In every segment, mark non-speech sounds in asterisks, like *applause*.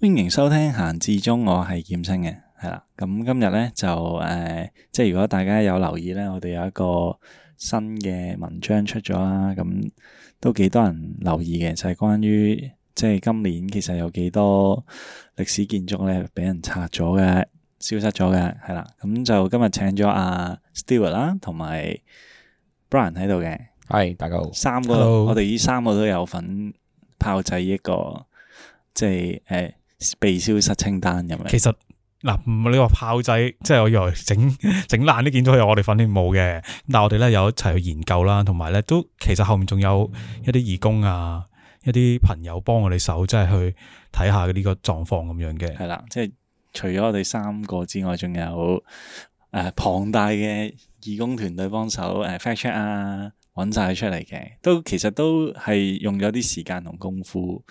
歡迎收聽閒置中，我係劍青嘅，係啦。咁、嗯、今日咧就誒、呃，即係如果大家有留意咧，我哋有一個新嘅文章出咗啦，咁、嗯、都幾多人留意嘅，就係、是、關於即係今年其實有幾多歷史建築咧俾人拆咗嘅、消失咗嘅，係、嗯嗯啊、啦。咁就今日請咗阿 Stewart 啦，同埋 Brian 喺度嘅。係，大家好，三個 Hello 我哋呢三個都有份炮製一個，即係誒。呃被消失清單咁樣，是是其實嗱、啊，你話炮仔，即係我以為整整爛啲建築，又我哋份啲冇嘅。但係我哋咧有一齊去研究啦，同埋咧都其實後面仲有一啲義工啊，一啲朋友幫我哋手，即係去睇下呢個狀況咁樣嘅。係啦，即係除咗我哋三個之外，仲有誒龐、呃、大嘅義工團隊幫手誒、呃、，factcheck 啊。搵曬出嚟嘅，都其實都係用咗啲時間同功夫，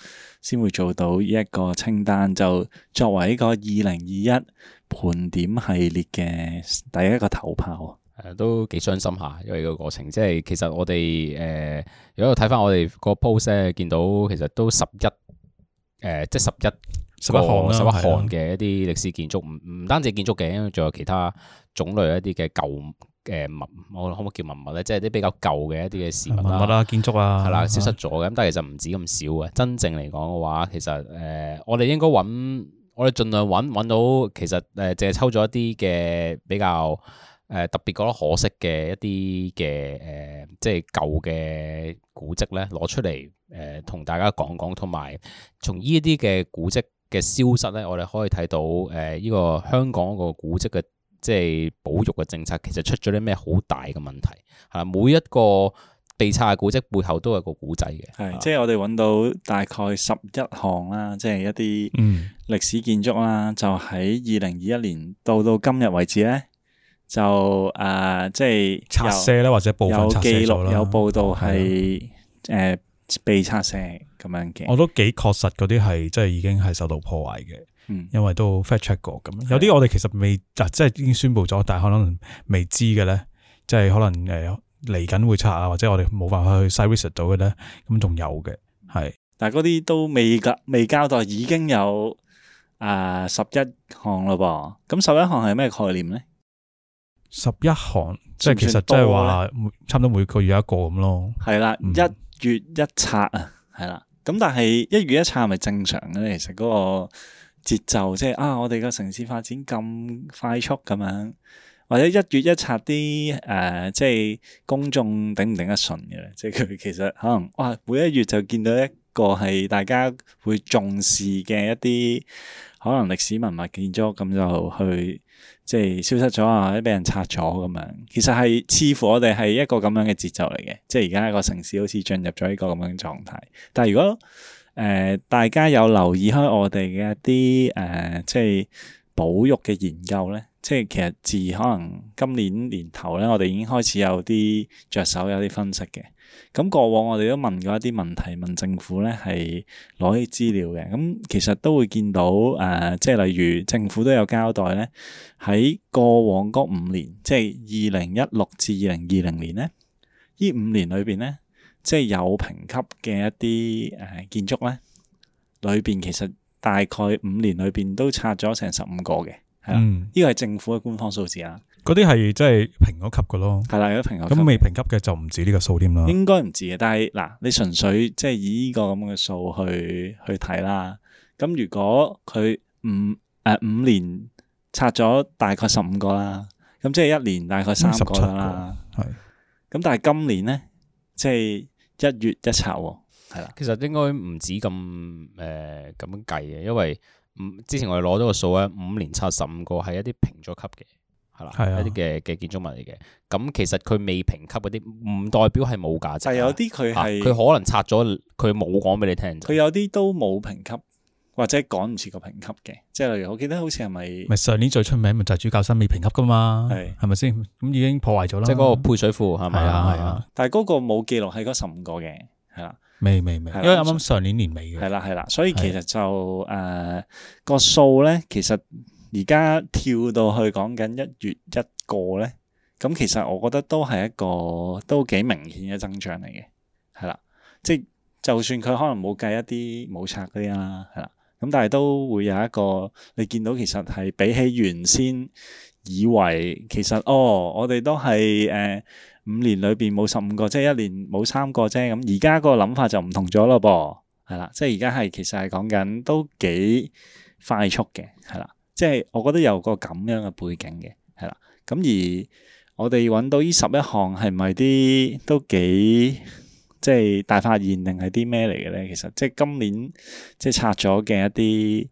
先會做到一個清單，就作為一個二零二一盤點系列嘅第一個頭炮，誒都幾傷心下，因為個過程即係其實我哋誒、呃、如果睇翻我哋個 post 咧，見到其實都十一、呃、誒即係十一十一項十一項嘅一啲歷史建築唔唔單止建築嘅，因為仲有其他種類一啲嘅舊。誒文我可唔可以叫文物咧？即係啲比較舊嘅一啲嘅事物啦、啊啊、建築啊，係啦，消失咗嘅。咁但係其實唔止咁少嘅，真正嚟講嘅話，其實誒、呃，我哋應該揾，我哋盡量揾揾到。其實誒，淨、呃、係抽咗一啲嘅比較誒、呃、特別覺得可惜嘅一啲嘅誒，即係舊嘅古蹟咧，攞出嚟誒，同、呃、大家講講，同埋從呢一啲嘅古蹟嘅消失咧，我哋可以睇到誒呢、呃、這個香港個古蹟嘅。即係保育嘅政策，其實出咗啲咩好大嘅問題吓。每一個被拆嘅古蹟背後都有個古仔嘅。係，即係我哋揾到大概十一項啦，即係一啲歷史建築啦，嗯、就喺二零二一年到到今日為止咧，就誒、呃、即係拆卸咧，或者部分拆卸咗啦，有報道係誒被拆卸咁樣嘅。我都幾確實嗰啲係即係已經係受到破壞嘅。因為都 fact check 過咁，有啲我哋其實未嗱、啊，即係已經宣布咗，但係可能未知嘅咧，即係可能誒嚟緊會拆啊，或者我哋冇辦法去 survey 到嘅咧，咁仲有嘅，係，但係嗰啲都未交未交代，已經有誒十一項咯噃，咁十一項係咩概念咧？十一項即係其實即係話，差唔多每個月一個咁咯，係啦的，嗯、一月一拆啊，係啦，咁但係一月一拆係咪正常嘅咧？其實嗰、嗰個。節奏即係啊！我哋個城市發展咁快速咁樣，或者一月一拆啲誒，即係公眾頂唔頂得順嘅？即係佢其實可能、嗯、哇，每一月就見到一個係大家會重視嘅一啲可能歷史文物建築，咁就去即係消失咗啊！或者俾人拆咗咁樣，其實係似乎我哋係一個咁樣嘅節奏嚟嘅，即係而家一個城市好似進入咗一個咁樣嘅狀態。但係如果誒、呃，大家有留意開我哋嘅一啲誒、呃，即係保育嘅研究咧。即係其實自可能今年年頭咧，我哋已經開始有啲着手，有啲分析嘅。咁過往我哋都問過一啲問題，問政府咧係攞啲資料嘅。咁其實都會見到誒、呃，即係例如政府都有交代咧，喺過往嗰五年，即係二零一六至二零二零年咧，年裏呢五年裏邊咧。即係有評級嘅一啲誒、呃、建築咧，裏邊其實大概五年裏邊都拆咗成十五個嘅，嗯，呢個係政府嘅官方數字啊。嗰啲係即係評咗級嘅咯，係啦，有評咗級。咁未評級嘅就唔止呢個數添啦，應該唔止嘅。但係嗱，你純粹即係以呢個咁嘅數去去睇啦。咁如果佢五誒五年拆咗大概十五個啦，咁即係一年大概三個啦。係、嗯。咁但係今年咧？即係一月一拆喎。係啦、嗯。的其實應該唔止咁，誒咁計嘅，因為五之前我哋攞咗個數咧，五年拆十五個係一啲評咗級嘅，係啦的，一啲嘅嘅建築物嚟嘅。咁其實佢未評級嗰啲，唔代表係冇價值。但係有啲佢係佢可能拆咗，佢冇講俾你聽。佢有啲都冇評級。或者趕唔切個評級嘅，即係例如我記得好似係咪？咪上年最出名咪就係主教山未評級噶嘛？係係咪先？咁已經破壞咗啦。即係嗰個配水庫係咪啊？係啊。但係嗰個冇記錄喺嗰十五個嘅，係啦。未未未，因為啱啱上年年尾嘅。係啦係啦，所以其實就誒個數咧，其實而家跳到去講緊一月一個咧，咁其實我覺得都係一個都幾明顯嘅增長嚟嘅，係啦。即係就算佢可能冇計一啲冇拆嗰啲啦，係啦。咁但係都會有一個，你見到其實係比起原先以為，其實哦，我哋都係誒五年裏邊冇十五個，即係一年冇三個啫。咁而家個諗法就唔同咗咯噃，係啦，即係而家係其實係講緊都幾快速嘅，係啦，即係我覺得有個咁樣嘅背景嘅，係啦。咁而我哋揾到呢十一項係咪啲都幾？即係大發現定係啲咩嚟嘅咧？其實即係今年即係拆咗嘅一啲，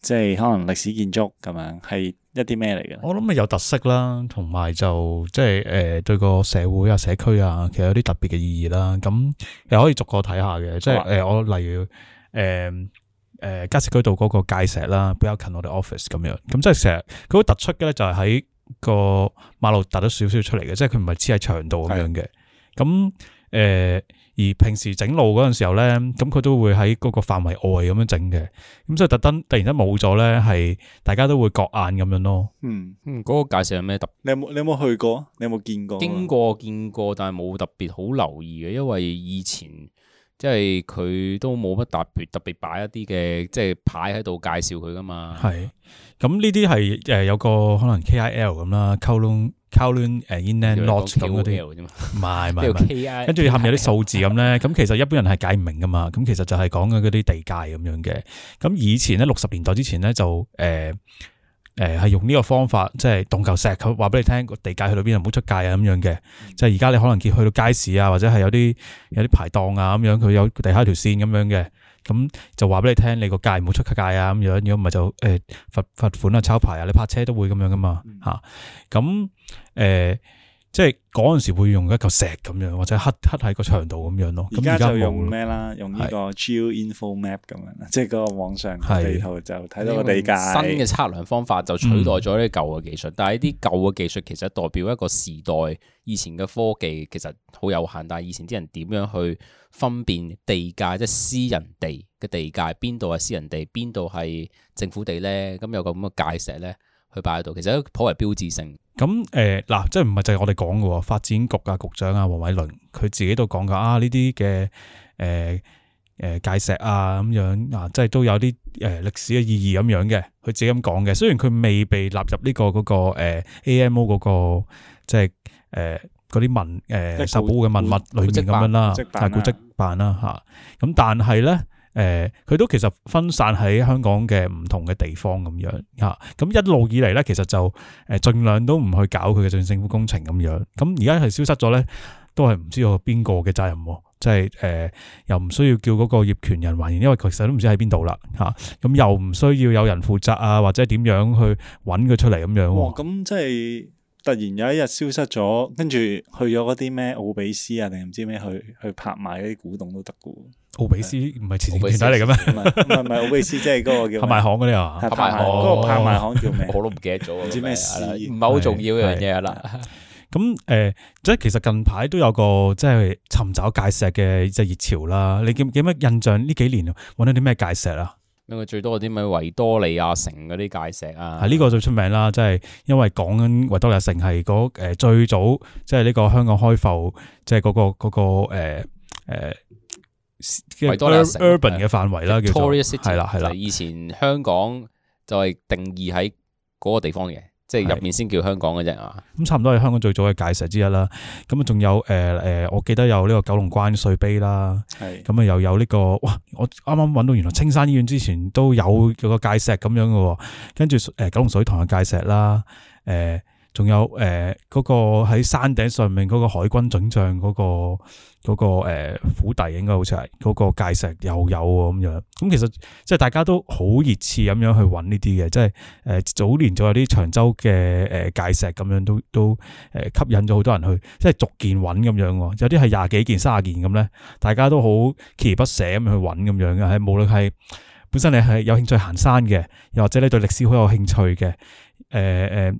即係可能歷史建築咁樣，係一啲咩嚟嘅？我諗係有特色啦，同埋就即係誒、呃、對個社會啊、社區啊，其實有啲特別嘅意義啦。咁又可以逐個睇下嘅，吧即係誒、呃、我例如誒誒、呃呃、加士居道嗰個界石啦，比較近我哋 office 咁樣。咁即係成日佢好突出嘅咧，就係喺個馬路突咗少少出嚟嘅，即係佢唔係黐喺牆度咁樣嘅。咁誒對。而平時整路嗰陣時候咧，咁佢都會喺嗰個範圍外咁樣整嘅，咁所以特登突然間冇咗咧，係大家都會覺眼咁樣咯、嗯。嗯，嗰、嗰個介紹有咩特？你有冇，你有冇去過？你有冇見過？經過見過，但係冇特別好留意嘅，因為以前。即係佢都冇乜特別特別擺一啲嘅即係牌喺度介紹佢噶嘛。係咁，呢啲係誒，有個可能 KIL 咁啦 Kowloon Kowloon 誒 Inland Lot 咁嗰啲。唔係唔係，跟住你含埋啲數字咁咧，咁其實一般人係解唔明噶嘛。咁其實就係講緊嗰啲地界咁樣嘅。咁以前咧，六十年代之前咧就誒。誒，係用呢個方法，即係嗰嚿石，佢話俾你聽個地界去到邊，唔好出界啊，咁樣嘅。嗯、即係而家你可能見去到街市啊，或者係有啲有啲排檔啊咁樣，佢有地下一條線咁樣嘅，咁就話俾你聽，你個界唔好出界啊咁樣，如果唔係就誒罰罰款啊、抄牌啊，你泊車都會咁樣噶嘛吓。咁誒、嗯啊。即係嗰陣時會用一嚿石咁樣，或者刻刻喺個牆度咁樣咯。而家就用咩啦？嗯、用呢個 Geo Info Map 咁樣，是即係嗰個網上地圖就睇到個地界。新嘅測量方法就取代咗呢舊嘅技術，嗯、但係呢啲舊嘅技術其實代表一個時代。以前嘅科技其實好有限，但係以前啲人點樣去分辨地界，即係私人地嘅地界，邊度係私人地，邊度係政府地咧？咁、嗯嗯、有個咁嘅界石咧，去擺喺度，其實都頗為標誌性。咁誒，嗱，即係唔係就係我哋講嘅，發展局啊局長啊黃偉綸佢自己都講噶啊，呢啲嘅誒誒界石啊咁樣啊，即係都有啲誒歷史嘅意義咁樣嘅，佢、啊、自己咁講嘅。雖然佢未被納入呢、這個嗰、那個誒 AMO 嗰個即係誒嗰啲文誒受保護嘅文物裏面咁樣啦，係古蹟辦啦吓，咁、啊、但係咧。嗯嗯誒，佢、呃、都其實分散喺香港嘅唔同嘅地方咁樣吓，咁、啊、一路以嚟咧，其實就誒盡、呃、量都唔去搞佢嘅做政府工程咁樣。咁而家係消失咗咧，都係唔知道邊個嘅責任，啊、即係誒、呃、又唔需要叫嗰個業權人還原，因為佢其實都唔知喺邊度啦吓。咁、啊啊、又唔需要有人負責啊，或者點樣去揾佢出嚟咁樣。哇、哦！咁即係突然有一日消失咗，跟住去咗嗰啲咩奧比斯啊，定唔知咩去去，去拍賣啲古董都得嘅。奧比斯唔係慈善團體嚟嘅咩？唔係唔係，奧比斯即係嗰個叫拍賣行嘅咧啊！拍賣行嗰個拍賣行叫咩？我都唔記得咗，唔知咩事，唔係好重要一樣嘢啦。咁誒，即係其實近排都有個即係尋找界石嘅即係熱潮啦。你記記咩印象？呢幾年揾到啲咩界石啊？因為最多嗰啲咩維多利亞城嗰啲界石啊，呢個最出名啦。即係因為講緊維多利亞城係嗰誒最早，即係呢個香港開埠，即係嗰個嗰個誒誒。多 Urban 嘅範圍啦，叫係啦係啦，Victoria City, 的以前香港就係定義喺嗰個地方嘅，的即係入面先叫香港嘅啫啊！咁差唔多係香港最早嘅界石之一啦。咁啊，仲有誒誒，我記得有呢個九龍關稅碑啦，係咁啊，又有呢、這個，哇！我啱啱搵到，原來青山醫院之前都有有個界石咁樣嘅，跟住誒九龍水塘嘅界石啦，誒、呃。仲有誒嗰、呃那個喺山頂上面嗰個海軍准將嗰、那個嗰、那個府邸，呃、應該好似係嗰個界石又有喎咁樣。咁其實即係大家都好熱切咁樣去揾呢啲嘅，即係誒、呃、早年仲有啲長洲嘅誒界石咁樣都都誒吸引咗好多人去，即係逐件揾咁樣喎。有啲係廿幾件、三十件咁咧，大家都好鍥而不捨咁去揾咁樣嘅。無論係本身你係有興趣行山嘅，又或者你對歷史好有興趣嘅。誒誒，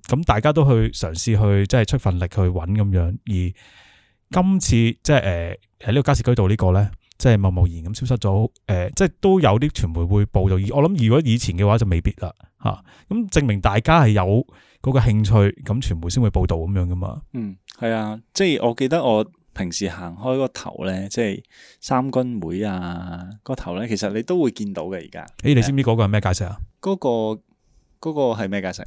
咁、呃、大家都去嘗試去即係出份力去揾咁樣，而今次即係誒喺呢個加士居道呢、這個咧，即係貿貿然咁消失咗，誒、呃，即係都有啲傳媒會報道。而我諗，如果以前嘅話就未必啦，吓、啊、咁證明大家係有嗰個興趣，咁傳媒先會報道咁樣噶嘛。嗯，係啊，即係我記得我平時行開個頭咧，即係三軍會啊個頭咧，其實你都會見到嘅而家。誒，你知唔知嗰個係咩解釋啊？嗰、那個。嗰個係咩界石？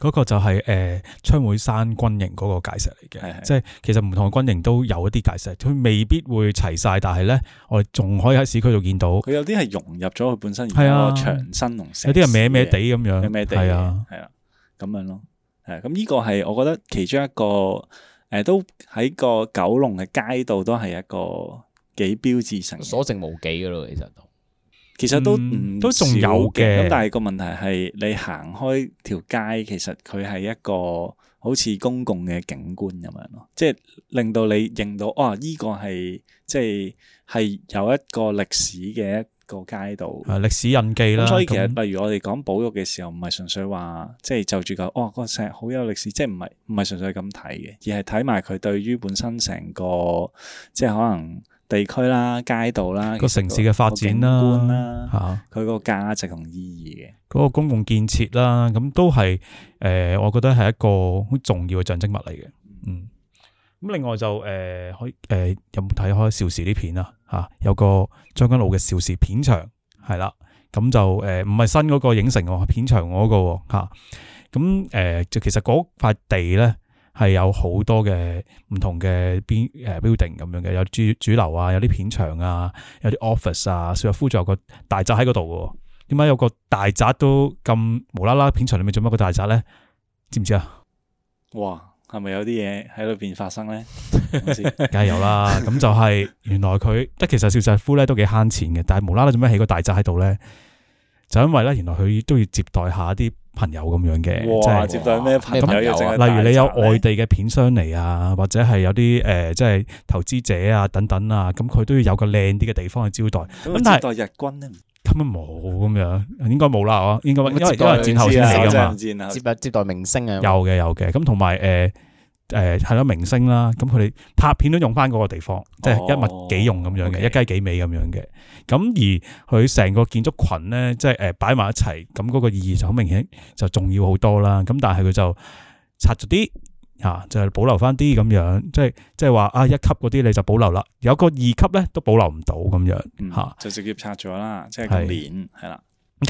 嗰 *laughs* 個就係誒昌會山軍營嗰個界石嚟嘅。是的 即係其實唔同軍營都有一啲界石，佢未必會齊晒。但係咧我哋仲可以喺市區度見到。佢有啲係融入咗佢本身而家長身，同有啲係歪歪地咁樣，歪歪地嘅係啊，咁樣咯，係咁，呢個係我覺得其中一個誒、呃，都喺個九龍嘅街道都係一個幾標誌性。 *noise* 所剩無幾㗎咯，其實都。其實都、嗯、都仲有嘅，咁但係個問題係你行開條街，其實佢係一個好似公共嘅景觀咁樣咯，即係令到你認到啊，依、哦呢個係即係係有一個歷史嘅一個街道啊，歷史印記啦。所以其實那例如我哋講保育嘅時候，唔係純粹話即係就住、是、個哦，個石好有歷史，即係唔係唔係純粹咁睇嘅，而係睇埋佢對於本身成個即係可能。地區啦、街道啦、個城市嘅發展啦、景觀啦、嚇佢個價值同意義嘅嗰個公共建設啦，咁都係誒、呃，我覺得係一個好重要嘅象徵物嚟嘅。嗯，咁另外就誒、呃，可、呃、有有可以有冇睇開邵氏啲片啊？嚇、啊，有個將軍澳嘅邵氏片場係啦，咁就誒唔係新嗰個影城喎，片場嗰、那個嚇，咁誒就其實嗰塊地咧。係有好多嘅唔同嘅，邊誒 building 咁樣嘅，有主主流啊，有啲片場啊，有啲 office 啊，邵逸夫仲有個大宅喺嗰度嘅。點解有個大宅都咁無啦啦片場裏面做乜個大宅咧？知唔知啊？哇，係咪有啲嘢喺裏邊發生咧？梗係 *laughs* 有啦，咁就係原來佢即係其實邵逸夫咧都幾慳錢嘅，但係無啦啦做咩起個大宅喺度咧？就因為咧原來佢都要接待一下一啲。朋友咁樣嘅，即哇！即係接待咩朋友啊？例如你有外地嘅片商嚟啊，啊或者係有啲誒、呃，即係投資者啊等等啊，咁佢都要有個靚啲嘅地方去招待。咁、嗯、但接待日軍咧，咁啊冇咁樣，應該冇啦嗬，應該因為都係戰後先至噶嘛。接待接待明星啊，有嘅有嘅，咁同埋誒。呃誒，係咯，明星啦，咁佢哋拍片都用翻嗰個地方，哦、即係一物幾用咁樣嘅，okay. 一雞幾味咁樣嘅。咁而佢成個建築群咧，即係誒擺埋一齊，咁、那、嗰個意義就好明顯，就重要好多啦。咁但係佢就拆咗啲吓，就係、保留翻啲咁樣，即係即係話啊、就是、一級嗰啲你就保留啦，有個二級咧都保留唔到咁樣吓，就直接拆咗啦，即係個面係啦。的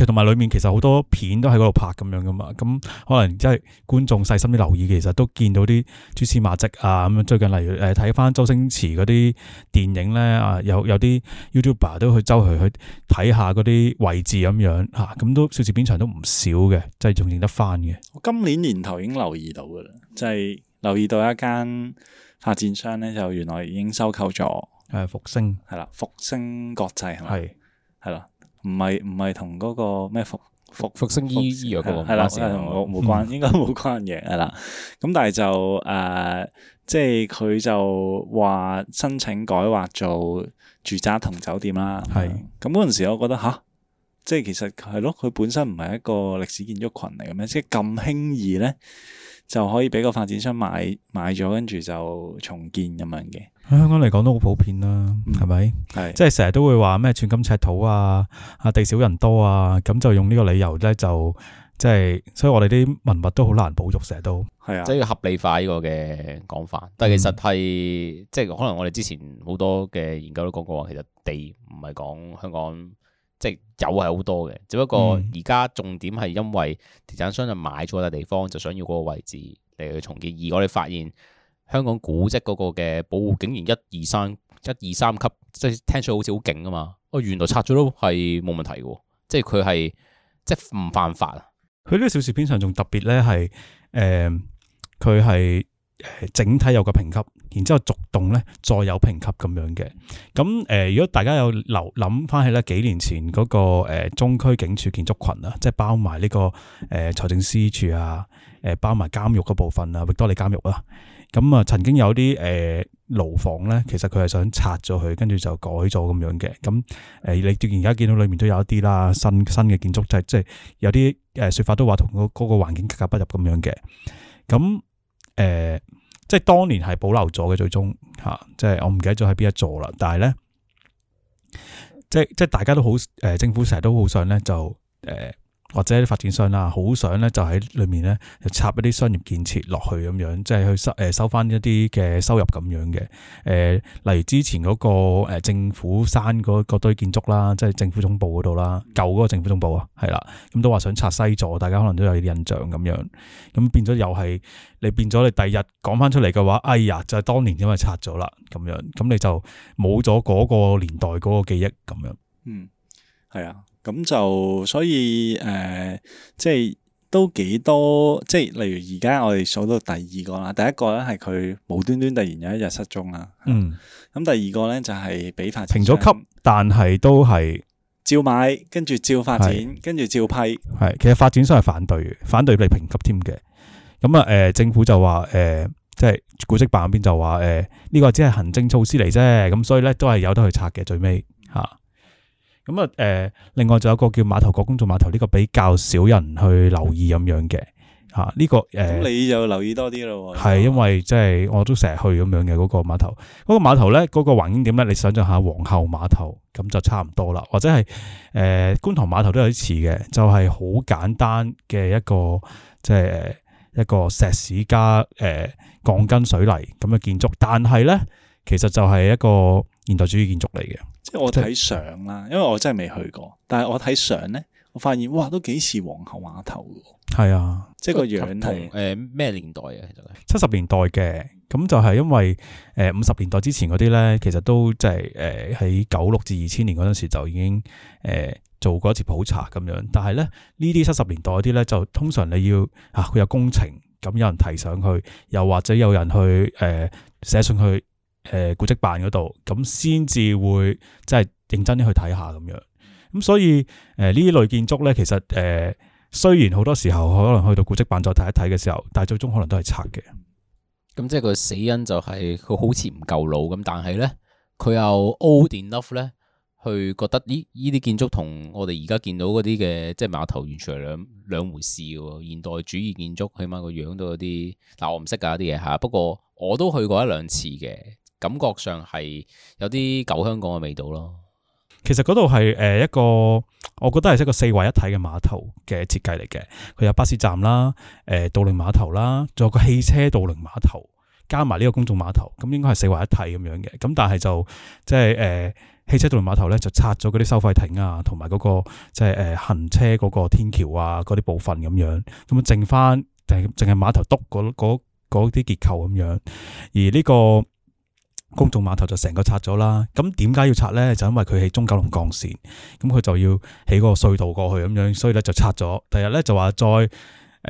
同埋裏面其實好多片都喺嗰度拍咁樣噶嘛，咁可能即係觀眾細心啲留意，其實都見到啲蛛絲馬迹啊咁樣。最近例如誒睇翻周星馳嗰啲電影咧，有有啲 YouTuber 都去周圍去去睇下嗰啲位置咁樣吓，咁、啊嗯、都，小時都邵氏片場都唔少嘅，即係仲認得翻嘅。今年年頭已經留意到噶啦，即係留意到一間發展商咧，就原來已經收購咗誒，復星係啦，復星國際係咪，係係啦。唔係唔係同嗰個咩復復復生醫醫嗰個係啦，係同冇冇關， *laughs* 應該冇關嘢係啦。咁但係就誒，即係佢就話、係、申請改劃做住宅同酒店啦。係咁嗰陣時，我覺得吓，即、啊、係、就係、其實係咯，佢本身唔係一個歷史建築群嚟嘅咩？即係咁輕易咧就可以俾個發展商買買咗，跟住就重建咁樣嘅。喺香港嚟講都好普遍啦，係咪？係，即係成日都會話咩寸金尺土啊，啊地少人多啊，咁就用呢個理由咧，就即係，所以我哋啲文物都好難保育，成日都係啊，即係要合理化呢個嘅講法。但係其實係，嗯、即係可能我哋之前好多嘅研究都講過，其實地唔係講香港，即係有係好多嘅，只不過而家重點係因為地產商就買咗笪地方，就想要嗰個位置嚟去重建，而我哋發現。香港古蹟嗰個嘅保護竟然一二三一二三級，即係聽起好似好勁啊嘛！哦，原來拆咗都係冇問題嘅，即係佢係即係唔犯法啊！佢呢個小事頻上仲特別咧係，誒、呃，佢係誒整體有個評級，然之後逐棟咧再有評級咁樣嘅。咁誒、呃，如果大家有留諗翻起咧，幾年前嗰，那個誒、呃、中區警署建築群啊，即係包埋呢、這個誒財、呃、政司署啊，誒包埋監獄嗰部分啊，域多利監獄啊。咁啊，曾經有啲誒牢房咧，其實佢係想拆咗佢，跟住就改咗咁樣嘅。咁誒，你而家見到裡面都有一啲啦，新新嘅建築，即係即係有啲誒説法都話同嗰嗰個環境格格不入咁樣嘅。咁誒、呃，即係當年係保留咗嘅，最終吓，即係我唔記得咗喺邊一座啦。但係咧，即係即係大家都好誒，政府成日都好想咧就誒。呃或者發展商啊，好想咧就喺裏面咧就插一啲商業建設落去咁樣，即係去收誒收翻一啲嘅收入咁樣嘅。誒、呃，例如之前嗰個政府山嗰堆建築啦，即係政府總部嗰度啦，舊嗰個政府總部啊，係啦，咁都話想拆西座，大家可能都有啲印象咁樣。咁變咗又係你變咗你第日講翻出嚟嘅話，哎呀，就係、是、當年因為拆咗啦咁樣，咁你就冇咗嗰個年代嗰個記憶咁樣。嗯，係啊。咁就所以誒、呃，即係都幾多，即係例如而家我哋數到第二個啦，第一個咧係佢無端端突然有一日失蹤啦。嗯，咁第二個咧就係、是、俾發展商評咗級，但係都係照買，跟住照發展，是跟住照批。係，其實發展商係反對嘅，反對俾評級添嘅。咁啊誒，政府就話誒、呃，即係古蹟辦嗰邊就話誒，呢、呃這個只係行政措施嚟啫。咁所以咧都係有得去拆嘅，最尾嚇。啊。咁啊，誒，另外就有一個叫馬頭角公眾碼頭，呢、這個比較少人去留意咁樣嘅，吓、這、呢個誒，咁、嗯呃、你就留意多啲啦。係因為即、就、係、是、我都成日去咁樣嘅嗰、那個碼頭，嗰、那個碼頭咧，嗰、那個環境點咧？你想象下皇后碼頭，咁就差唔多啦，或者係誒、呃、觀塘碼頭都有啲似嘅，就係、是、好簡單嘅一個即係一個石屎加誒鋼筋水泥咁嘅建築，但係咧，其實就係一個現代主義建築嚟嘅，即係是 我睇相啦，因為我真係未去過，但係我睇相咧，我發現哇，都幾似皇后碼頭。係是啊、呃、啊，即係個樣同誒咩年代嘅？其實七十年代嘅，咁就係因為誒五十年代之前嗰啲咧，其實都即係誒喺九六至二千年嗰陣時就已經誒、呃、做過一次普查咁樣，但係咧，呢啲七十年代嗰啲咧，就通常你要啊佢有工程，咁有人提上去，又或者有人去誒寫、呃、信去。誒、呃，古蹟辦嗰度，咁先至會即係認真啲去睇下咁樣，咁、嗯、所以誒呢啲類建築呢，其實誒、呃、雖然好多時候可能去到古蹟辦再睇一睇嘅時候，但係最終可能都係拆嘅。咁、嗯、即係個死因就係、是、佢好似唔夠老咁，但係呢，佢又 old enough 咧，去覺得咦呢啲建築同我哋而家見到嗰啲嘅即係碼頭完全係兩兩回事嘅。現代主義建築起碼個樣，樣都有啲，嗱我唔識噶啲嘢吓，不過我都去過一兩次嘅。感覺上係有啲舊香港嘅味道咯。其實嗰度係誒一個，我覺得係一個四位一體嘅碼頭嘅設計嚟嘅。佢有巴士站啦，誒渡輪碼頭啦，仲有個汽車渡輪碼頭，加埋呢個公眾碼頭，咁應該係四位一體咁樣嘅。咁但係就即係誒汽車渡輪碼頭咧、啊那個，就拆咗嗰啲收費亭啊，同埋嗰個即係誒行車嗰個天橋啊嗰啲部分咁樣，咁啊剩翻淨淨係碼頭篤嗰啲結構咁樣，而呢個公眾碼頭就成個拆咗啦，咁點解要拆咧？就因為佢起中九龍幹線，咁佢就要起個隧道過去咁樣，所以咧就拆咗。第日咧就話再誒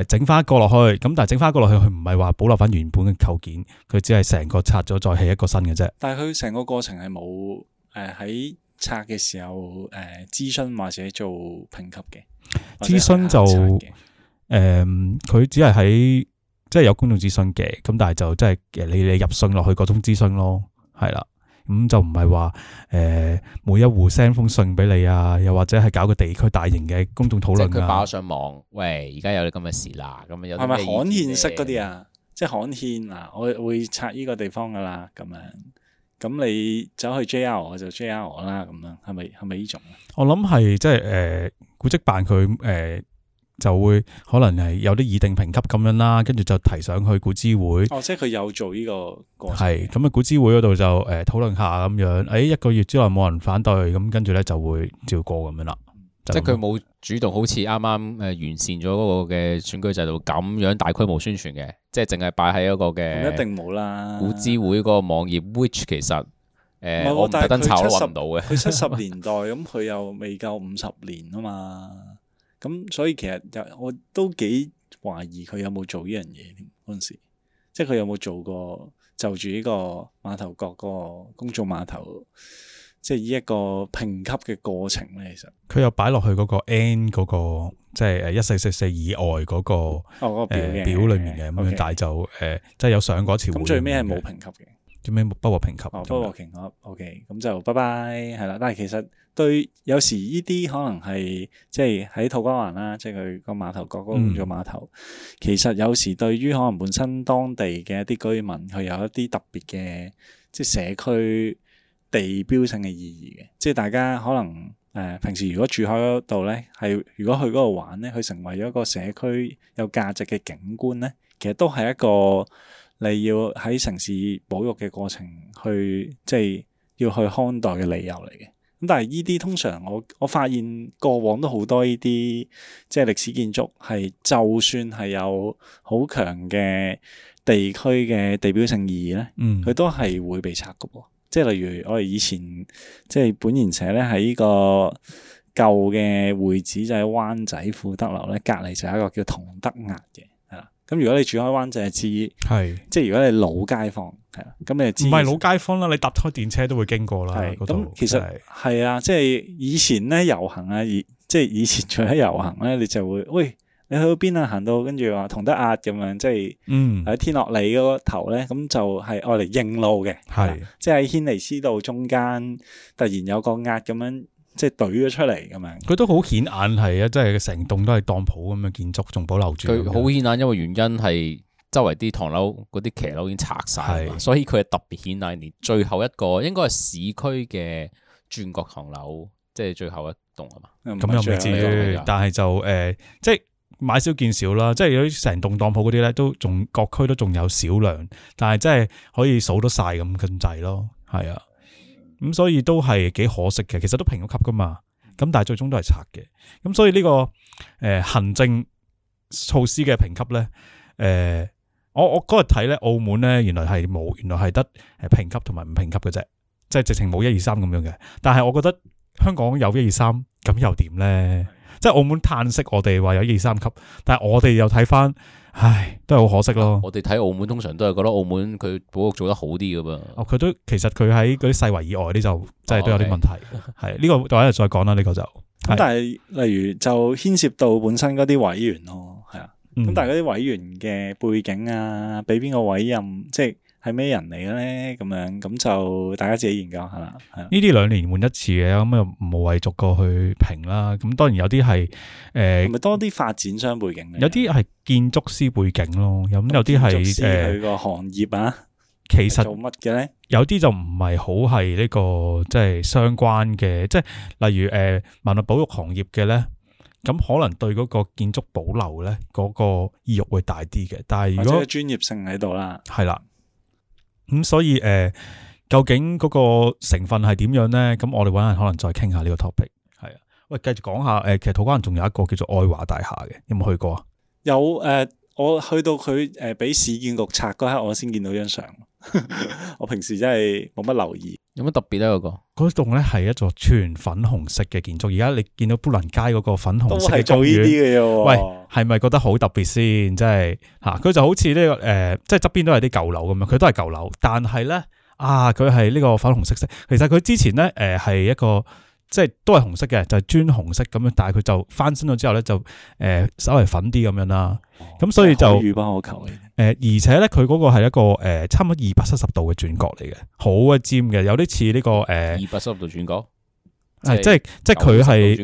整翻一個落去，咁但係整翻一個落去，佢唔係話保留翻原本嘅構件，佢只係成個拆咗再起一個新嘅啫。但係佢成個過程係冇誒喺拆嘅時候誒諮詢或者做評級嘅？諮詢就誒，佢、呃、只係喺即係有公眾諮詢嘅，咁但係就即係你你入信落去嗰種諮詢咯。係啦，咁就唔係話誒每一戶 send 封信俾你啊，又或者係搞個地區大型嘅公眾討論啊。即係佢擺上網，喂，而家有你咁嘅事啦，咁有係咪刊憲式嗰啲啊？嗯、即係刊憲啊，我會拆呢個地方噶啦，咁樣。咁你走去 JR，我就 JR 啦，咁樣係咪係咪呢種？我諗係即係誒古蹟辦佢誒。呃就會可能係有啲擬定評級咁樣啦，跟住就提上去古諮會。哦，即係佢有做呢個過程。係咁啊，古諮會嗰度就誒、欸、討論下咁樣，誒、欸、一個月之內冇人反對，咁跟住咧就會照過咁樣啦。樣即係佢冇主動好似啱啱誒完善咗嗰個嘅選舉制度咁樣大規模宣傳嘅，即係淨係擺喺一個嘅。唔一定冇啦。古諮會嗰個網頁，which 其實誒、呃、我特登查都揾唔到嘅。佢七十年代咁，佢又未夠五十年啊嘛。咁、嗯、所以其實又我都幾懷疑佢有冇做呢樣嘢，嗰陣時，即係佢有冇做過就住呢個馬頭角嗰個公眾碼頭，即係呢一個評級嘅過程咧。其實佢有擺落去嗰個 N 嗰、嗰個，即係誒一四四四以外嗰、嗰個哦嗰、嗰個、表、呃、表裡面嘅咁樣，嗯 okay。但係就誒即係有上過一次、嗯、最尾係冇評級嘅。嗯做咩不獲評級？哦，不獲評級。樣 OK，咁就拜拜，係啦。但係其實對有時依啲可能係即係喺土瓜灣啦，即係佢個馬頭角，個個工咗碼頭。其實有時對於可能本身當地嘅一啲居民，佢有一啲特別嘅即係社區地標性嘅意義嘅。即係大家可能誒、呃、平時如果住喺嗰度咧，係如果去嗰度玩咧，佢成為咗一個社區有價值嘅景觀咧，其實都係一個。你要喺城市保育嘅過程去，即係要去看待嘅理由嚟嘅。咁但係依啲通常我我發現過往都好多依啲，即係歷史建築係就算係有好強嘅地區嘅地表性意義咧，佢、嗯、都係會被拆嘅，即係例如我哋以前即係本然社咧喺呢個舊嘅會址就喺灣仔富德樓咧，隔離就有一個叫同德押嘅。咁如果你住喺灣仔，就係、知係是即係如果你老街坊，係咁你就知唔係老街坊啦？你搭開電車都會經過啦。咁是裡其實係啊，即係以前咧遊行啊，而即係以前除咗遊行咧，你就會喂你去到邊啊？行到跟住話同德押咁樣，即係喺、嗯、天樂里嗰頭咧，咁就係愛嚟認路嘅。係是、啊、即係喺軒尼詩道中間突然有個押咁樣。即係懟咗出嚟咁樣，佢都好顯眼係啊！即係成棟都係當鋪咁嘅建築，仲保留住。佢好顯眼，因為原因係周圍啲唐樓嗰啲騎樓已經拆晒，是所以佢係特別顯眼。連最後一個應該係市區嘅轉角唐樓，即係最後一棟啊嘛。咁又未至於，但係的就誒、呃，即係買少見少啦。即係有啲成棟當鋪嗰啲咧，區都仲各區都仲有少量，但係真係可以數得晒咁咁滯咯。係啊。咁、嗯、所以都係幾可惜嘅，其實都評咗級噶嘛，咁但係最終都係拆嘅。咁、嗯、所以呢、呢個誒、呃、行政措施嘅評級咧，誒、呃、我我嗰日睇咧，澳門咧原來係冇，原來係得誒評級同埋唔評級嘅啫，即係直情冇一二三咁樣嘅。但係我覺得香港有一二三，咁又點咧？即係澳門嘆息我哋話有一二三級，但係我哋又睇返。唉，都係好可惜咯。呃、我哋睇澳門通常都係覺得澳門佢保育做得好啲噶噃。哦，佢都其實佢喺嗰啲世遺以外啲就真係、啊、都有啲問題。係呢、 *laughs* 這個等一日再講啦。呢、這個就咁、這個嗯。但係例如就牽涉到本身嗰啲委員咯，係啊嗎。咁但係嗰啲委員嘅背景啊，俾邊個委任即係。係咩人嚟嘅咧？咁樣咁就大家自己研究下啦。呢啲兩年換一次嘅，咁又無謂逐個去評啦。咁當然有啲係誒，咪、呃、多啲發展商背景嘅。有啲係建築師背景咯。咁、嗯、有啲係佢個行業啊，其實做乜嘅咧？有啲就唔係好係呢個即係相關嘅，即係例如誒，文、呃、物保育行業嘅咧，咁可能對嗰個建築保留咧嗰、嗰個意欲會大啲嘅。但係如果專業性喺度啦，係啦。咁、嗯、所以誒、呃，究竟嗰個成分係點樣咧？咁我哋揾人可能再傾下呢個 topic。係啊，喂，繼續講下誒，其實土瓜灣仲有一個叫做愛華大廈嘅，有冇去過啊？有誒、呃，我去到佢誒，俾市建局拆嗰刻，我先見到張相。 *laughs* *laughs* *laughs* 我平時真係冇乜留意。有乜特別咧？嗰個嗰棟咧係一座全粉紅色嘅建築，而家你見到砵蘭街嗰個粉紅色嘅都係做呢啲嘅。喂，係咪覺得好特別先？真係吓，佢就好似呢、這個誒、呃，即係側邊都係啲舊樓咁樣，佢都係舊樓，但係咧啊，佢係呢個粉紅色色，其實佢之前咧誒係一個。即係都係紅色嘅，就係、是、磚紅色咁樣，但係佢就翻新咗之後咧，就、呃、誒稍微粉啲咁樣啦。咁、哦、所以就誒、呃，而且咧，佢嗰個係一個誒、呃，差唔多二百七十度嘅轉角嚟嘅，好嘅尖嘅，有啲似呢個誒。二百七十度轉角。係即係即係佢係，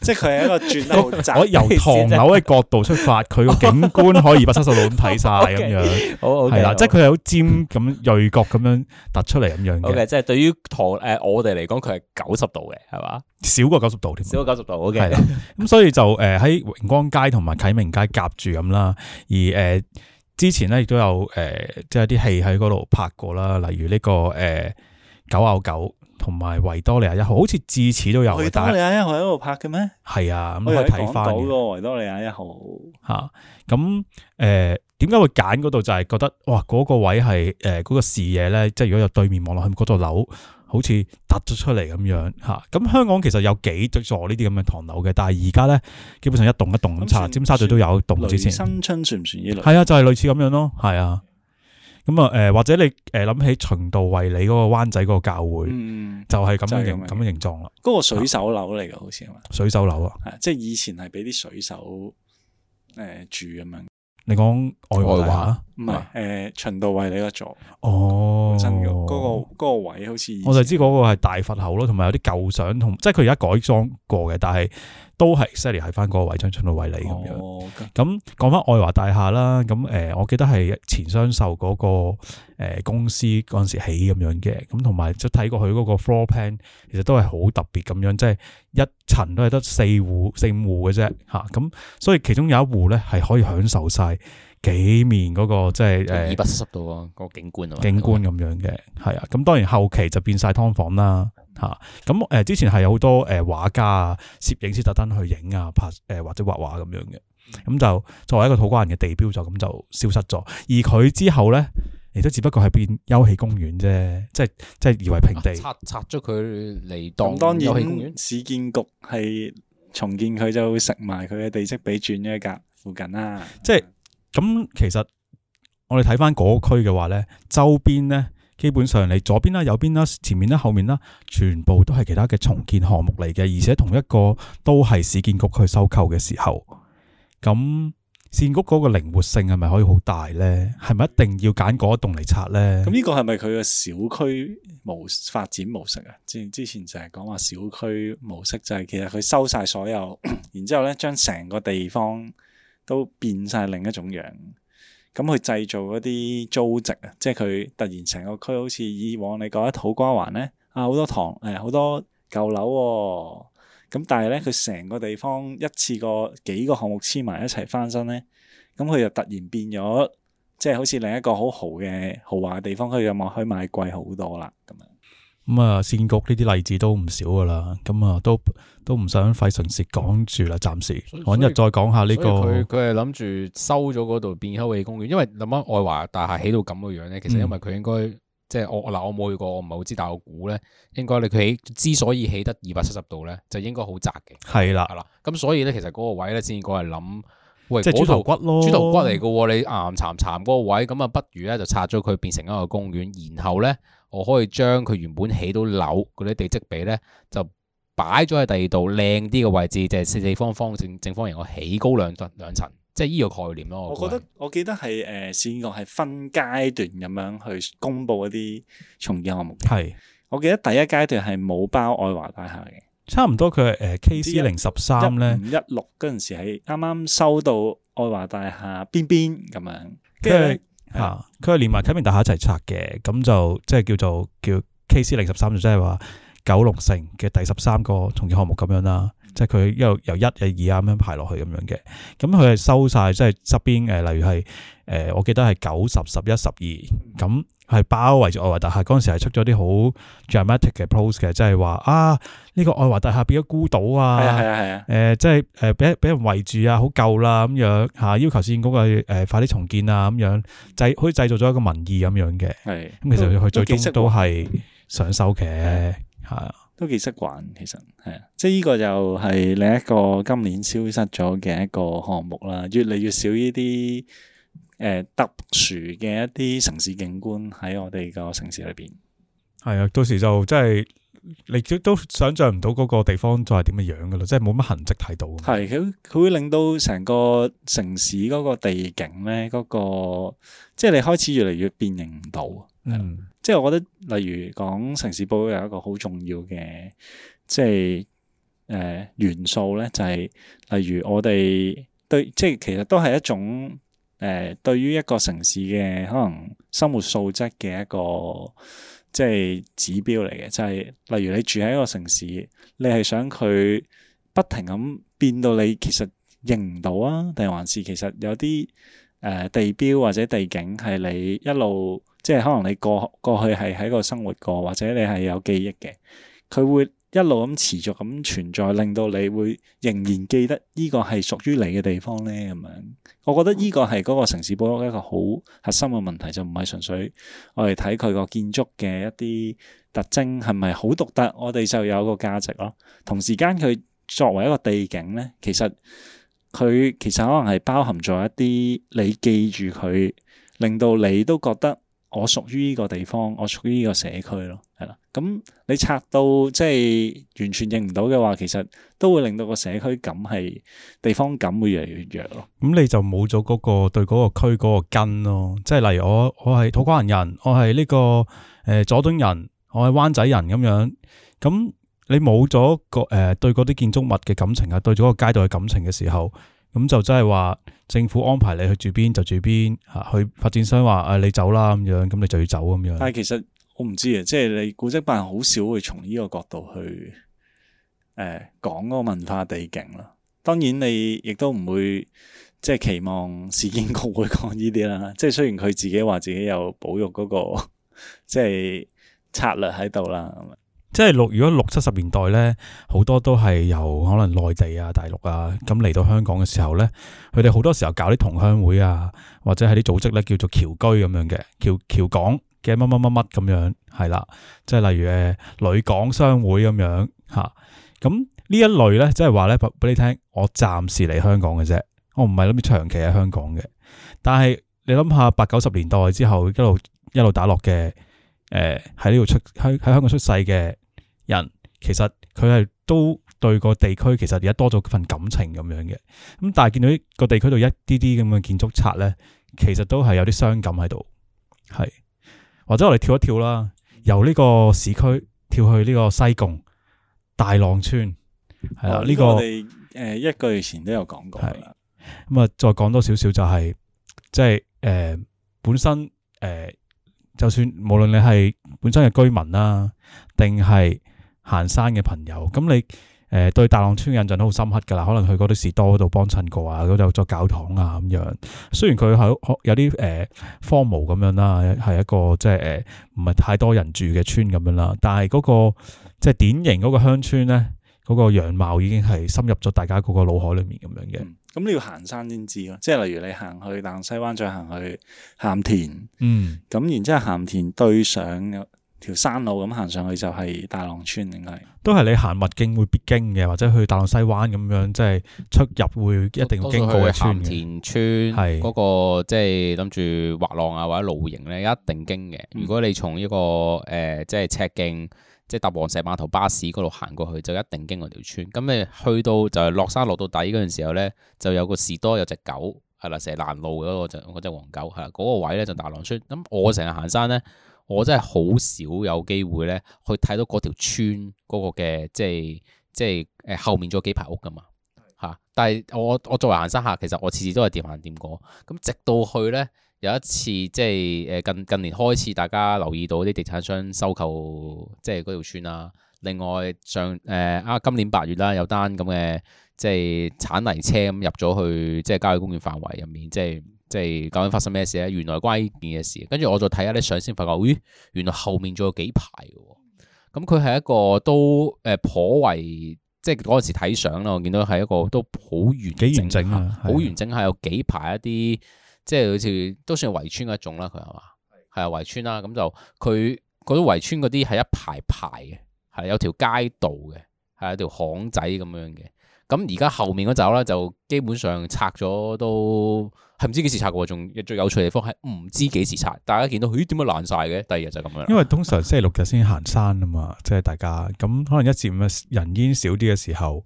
即係佢係一個轉得好窄 *laughs* 由唐樓嘅角度出發，佢個 *laughs* 景觀可以二百七十度咁睇晒咁樣。係啦， *laughs* *laughs* 即係佢好尖咁銳角咁樣突出嚟咁樣嘅。即係 *laughs* okay，對於唐誒我哋嚟講，佢係九十度嘅，係嘛？少過九十度添，少過九十度。好、okay。嘅， *laughs* 咁所以就誒喺榮光街同埋啟明街夾住咁啦。而誒之前咧亦都有誒即係啲戲喺嗰度拍過啦，例如呢、這個誒、呃、九牛九。同埋維多利亞一號，好似至此都有，維、啊有。維多利亞一號喺度拍嘅咩？係啊，我又睇翻嘅。維多利亞一號吓，咁誒點解會揀嗰度？就係、是、覺得哇，嗰、那個位係誒嗰個視野咧，即係如果有對面望落去，嗰、那、座、個、樓好似凸咗出嚟咁樣吓。咁、啊、香港其實有幾座呢啲咁嘅唐樓嘅，但係而家咧基本上一棟一棟咁拆，算算尖沙咀都有一棟之前。雷生春算唔算呢類？係啊，就係、是、類似咁樣咯，係啊。咁啊，誒，或者你誒諗起循道衛理嗰個灣仔嗰個教會，就係咁嘅形咁嘅形狀啦。嗰個水手樓嚟嘅，好似係嘛？水手樓啊，即係以前係俾啲水手誒、呃、住咁樣。你講外外話，唔係誒，循道衛理嗰座哦，真嘅嗰個、嗰個嗰個位好似我就知嗰個係大佛口咯，同埋有啲舊相同，即係佢而家改裝過嘅，但係。都係犀利，喺翻嗰個違章出路為你咁樣。咁講翻愛華大廈啦，咁誒，我記得係前商售嗰、那個誒、呃、公司嗰陣時起咁樣嘅。咁同埋即係睇過佢嗰個 floor plan，其實都係好特別咁樣，即係一層都係得四戶四五戶嘅啫。吓、啊，咁所以其中有一戶咧係可以享受晒幾面嗰、那個、嗯那個、即係誒二百七十度嗰、那個景觀，景觀咁樣嘅係啊。咁、嗯、當然後期就變晒劏房啦。吓咁誒，之前係有好多誒畫家啊、攝影師特登去影啊、拍誒或者畫畫咁樣嘅，咁就、嗯、作為一個土瓜灣嘅地標，就咁就消失咗。而佢之後咧，亦都只不過係變休憩公園啫，即係即係夷為平地，啊、拆拆咗佢嚟當休憩公園。市建局係重建佢，就會食埋佢嘅地積，俾轉一格附近啦。嗯、即係咁，其實我哋睇翻嗰區嘅話咧，周邊咧。基本上你左邊啦、右邊啦、前面啦、後面啦，全部都係其他嘅重建項目嚟嘅，而且同一個都係市建局去收購嘅時候，咁市建局嗰個靈活性係咪可以好大咧？係咪一定要揀嗰一棟嚟拆咧？咁呢個係咪佢嘅小區模發展模式啊？之之前就係講話小區模式就係、是、其實佢收晒所有，然之後咧，將成個地方都變晒另一種樣。咁佢製造嗰啲租值啊，即係佢突然成個區好似以往你覺得土瓜灣咧，啊好多堂，誒、呃、好多舊樓喎，咁但係咧佢成個地方一次過幾個項目黐埋一齊翻身咧，咁佢就突然變咗，即係好似另一個好豪嘅豪華嘅地方，佢嘅物可以賣貴好多啦，咁樣。咁啊、嗯，善局呢啲例子都唔少噶啦，咁、嗯、啊都都唔想費唇舌講住啦，暫時揾以日再講下呢、呢個。佢佢係諗住收咗嗰度變開個公園，因為諗翻愛華大廈起到咁嘅樣咧，其實因為佢應該、嗯、即係我嗱，我冇去過，我唔係好知，但係我估咧，應該你佢之所以起得二百七十度咧，就應該好窄嘅。係啦的，啦，咁、嗯、所以咧，其實嗰個位咧，善局係諗，喂，豬頭骨咯，豬頭骨嚟嘅喎，你岩岩，巖嗰個位，咁啊，不如咧就拆咗佢，變成一個,一個公園，然後咧。我可以將佢原本起到樓嗰啲地積比咧，就擺咗喺第二度靚啲嘅位置，就係、是、四四方方正正方形，我起高兩,兩層兩層，即係依個概念咯。我覺得，我，覺得我記得係誒市建局係分階段咁樣去公布一啲重建項目嘅。係是，我記得第一階段係冇包愛華大廈嘅，差唔多佢係誒 KC 零十三咧，一六嗰陣時係啱啱收到愛華大廈邊邊咁樣，跟住。啊！佢係、uh, 連埋啟明大廈一齊拆嘅，咁就即係叫做叫 KC 零十三，就即係話九龍城嘅第十三個重建項目咁樣啦。即係佢由由一啊二啊咁樣排落去咁樣嘅，咁佢係收晒，即係側邊誒，例如係誒，我記得係九十、十一、十二咁。12，係包圍住愛華大廈嗰陣時的的，係出咗啲好 dramatic 嘅 pose 嘅，即係話啊，呢、這個愛華大廈變咗孤島啊，係啊係啊係啊，誒、啊，即係誒，俾俾、呃就是呃、人圍住啊，好舊啦，咁樣吓、啊，要求建工啊，誒，快啲重建啊，咁樣製，可以製造咗一個民意咁樣嘅，係、啊，咁其實佢最終都係上手嘅，係啊，都幾識玩其實，係啊，即係呢個就係另一個今年消失咗嘅一個項目啦，越嚟越，越少呢啲。誒、呃，特殊嘅一啲城市景觀喺我哋個，個城市裏邊，係啊，到時就真係你都想象唔到嗰個地方再係點嘅樣噶啦，即係冇乜痕跡睇到。係佢佢會令到成個城市嗰個地景咧，嗰個即係你開始越嚟越變形唔到、嗯。即係我覺得，例如講城市布有一個好重要嘅，即係誒、呃、元素咧，就係、是、例如我哋對即係其實都係一種。誒、呃，對於一個城市嘅可能生活素質嘅一個即係指標嚟嘅，就係、是、例如你住喺一個城市，你係想佢不停咁變到你其實認唔到啊，定還是其實有啲誒、呃、地標或者地景係你一路即係可能你過過去係喺個生活過，或者你係有記憶嘅，佢會，一路咁持續咁存在，令到你會仍然記得呢個係屬於你嘅地方呢，咁樣，我覺得呢個係嗰個城市保育一個好核心嘅問題，就唔係純粹我哋睇佢個建築嘅一啲特徵係咪好獨特，我哋就有一個價值咯。同時間佢作為一個地景呢，其實佢其實可能係包含咗一啲你記住佢，令到你都覺得我屬於呢個地方，我屬於呢個社區咯。係啦，咁你拆到即係完全認唔到嘅話，其實都會令到個社區感係地方感會越嚟越弱咯。咁你就冇咗嗰個對嗰個區嗰個根咯。即係例如我我係土瓜灣人，人，我係呢、這個誒、呃、佐敦人，我係灣仔人咁樣。咁你冇咗個誒、呃、對嗰啲建築物嘅感情啊，對住嗰個街道嘅感情嘅時候，咁就真係話政府安排你去住邊就住邊，吓、啊、去發展商話誒、啊、你走啦咁樣，咁你就要走咁樣。但係其實。我唔知啊，即係你古蹟辦好少會從呢個角度去，誒講嗰個文化地景咯。當然你亦都唔會，即係期望事件局會講呢啲啦。即係雖然佢自己話自己有保育嗰個，即係策略喺度啦。即係六如果六七十年代咧，好多都係由可能內地啊、大陸啊，咁嚟到香港嘅時候咧，佢哋好多時候搞啲同鄉會啊，或者係啲組織咧叫做僑居咁樣嘅僑僑港嘅乜乜乜乜咁樣係啦，即係例如誒、呃、旅港商會咁樣嚇，咁、啊、呢一類咧，即係話咧，俾你聽，我暫時嚟香港嘅啫，我唔係諗住長期喺香港嘅。但係你諗下，八九十年代之後一路一路打落嘅誒，喺呢度出喺喺香港出世嘅人，其實佢係都對個地區其實而家多咗份感情咁樣嘅。咁但係見到呢個地區度一啲啲咁嘅建築拆咧，其實都係有啲傷感喺度係。或者我哋跳一跳啦，由呢個市區跳去呢個西貢大浪村，係啦、哦，呢、這個、個我哋誒一個月前都有講過啦。咁啊，再講多少少就係、是，即係誒、呃、本身誒、呃，就算無論你係本身嘅居民啦、啊，定係行山嘅朋友，咁你。誒、呃、對大浪村印象都好深刻㗎啦，可能去嗰啲士多嗰度幫襯過啊，咁又做教堂啊咁樣。雖然佢係有啲誒荒蕪咁樣啦，係一個即係誒唔係太多人住嘅村咁樣啦，但係嗰、那個即係、就是、典型嗰個鄉村咧，嗰、那個樣貌已經係深入咗大家個個腦海裡面咁樣嘅。咁、嗯、你要行山先知咯，即係例如你行去大浪西灣，再行去鹹田，嗯，咁然之後鹹田對上。條山路咁行上去就係大浪村，應該都係你行麥徑會必經嘅，或者去大浪西灣咁樣，即係出入會一定要經過鹹田村、那個。嗰個即係諗住滑浪啊，或者露營咧，一定經嘅。嗯、如果你從呢、這個誒即係赤徑，即係搭黃石碼頭巴士嗰度行過去，就一定經過條村。咁你去到就係落山落到底嗰陣時候咧，就有個士多有隻狗係啦，成日攔路嗰、那個就嗰隻黃狗係啦，嗰、那個位咧就大浪村。咁我成日行山咧。我真係好少有機會咧，去睇到嗰條村嗰個嘅即係即係誒後面仲有幾排屋噶嘛嚇、啊。但係我我作為行山客，其實我次次都係掂行掂過。咁直到去咧有一次即係誒近近年開始，大家留意到啲地產商收購即係嗰條村啦、啊。另外上誒啊、呃、今年八月啦，有單咁嘅即係鏟泥車咁入咗去即係郊野公園範圍入面即係。即係究竟發生咩事咧？原來係關呢件嘅事，跟住我再睇下啲相先，發覺，咦，原來後面仲有幾排嘅。咁佢係一個都誒頗為即係嗰陣時睇相啦。我見到係一個都好完整，幾完整啊，好完整下，有幾排一啲即係好似都算圍村一種啦。佢係嘛係啊，圍村啦。咁就佢嗰啲圍村嗰啲係一排排嘅，係有條街道嘅，係一條巷仔咁樣嘅。咁而家後面嗰陣咧就基本上拆咗都。係唔知幾時拆過，仲最有趣嘅地方係唔知幾時拆。大家見到咦，點解爛晒嘅？第二日就咁樣。因為通常星期六日先行山啊嘛， *laughs* 即係大家咁可能一至五嘅人煙少啲嘅時候，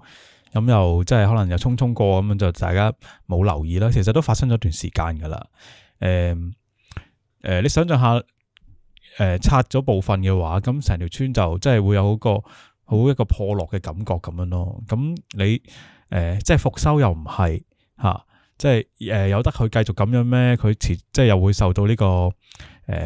咁又即係可能又匆匆過咁樣，就大家冇留意啦。其實都發生咗段時間噶啦。誒、呃、誒、呃，你想象下，誒、呃、拆咗部分嘅話，咁成條村就即係會有好個好一個破落嘅感覺咁樣咯。咁你誒、呃，即係復修又唔係吓。啊即係誒有得佢繼續咁樣咩？佢即係又會受到呢個誒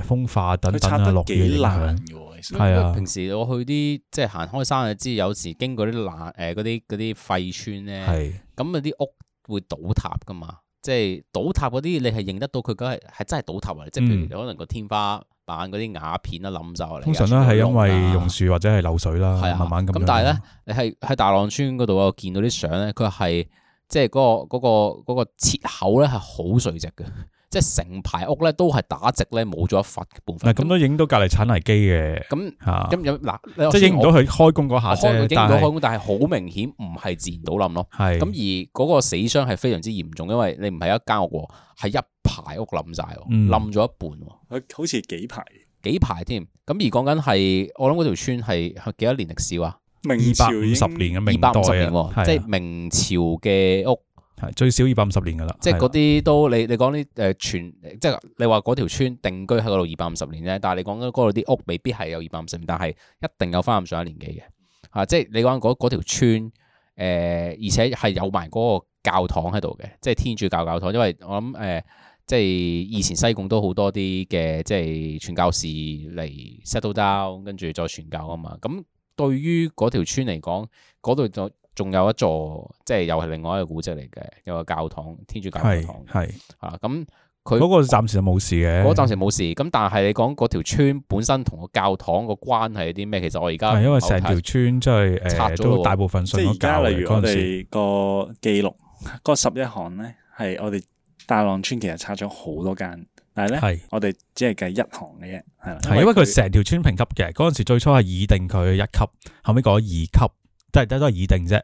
風化等等啊落雨影響。係啊，平時我去啲即係行開山啊，知有時經過啲爛誒嗰啲啲廢村咧。係。咁啲屋會倒塌噶嘛？即係倒塌嗰啲，你係認得到佢梗係係真係倒塌嚟，即係譬如可能個天花板嗰啲瓦片都冧曬嚟。通常咧係因為榕樹或者係漏水啦，係慢慢咁。咁但係咧，你係喺大浪村嗰度啊，見到啲相咧，佢係。即係嗰、嗰個、嗰個、嗰個切、嗰個、口咧，係好垂直嘅， *laughs* 即係成排屋咧都係打直咧，冇咗一忽部分。咁都影到隔籬鏟泥機嘅。咁咁有嗱，即係影唔到佢開工嗰下啫。影唔到開工，但係是好明顯唔係自然倒冧咯。咁是而嗰個死傷係非常之嚴重，因為你唔係一間屋，係一排屋冧晒，冧咗、嗯、一半。佢好似幾排？幾排添？咁而講緊係，我諗嗰條村係係幾多年歷史啊？二百五十年嘅明，明代啊，年是的 即係明朝嘅屋，係最少二百五十年噶啦。即係嗰啲都，你你講啲誒傳，即係你話嗰條村定居喺嗰度二百五十年啫。但係你講嗰度啲屋未必係有二百五十年，但係一定有翻咁上下年紀嘅嚇。即係你講嗰條村誒、呃，而且係有埋嗰個教堂喺度嘅，即係天主教教堂。因為我諗誒、呃，即係以前西貢都好多啲嘅，即係傳教士嚟 Settle Down，跟住再傳教啊嘛。咁對於嗰條村嚟講，嗰度仲仲有一座，即係又係另外一個古蹟嚟嘅，有一個教堂，天主教教堂。係係啊，咁佢，嗯嗰個暫時冇事嘅，嗰暫時冇事。咁但係你講嗰條村本身同個教堂個關係係啲咩？其實我而家因為成條村真係誒，咗，呃、大部分信咗教即係而家例如我哋，個記錄，嗰十一行咧，係我哋大浪村其實拆咗好多間。但係咧，係是我哋只係計一行嘅啫。係啦，係的因為佢成條村評級嘅嗰陣時，最初係擬定佢一級，後尾改咗二級，即係都係都係擬定啫。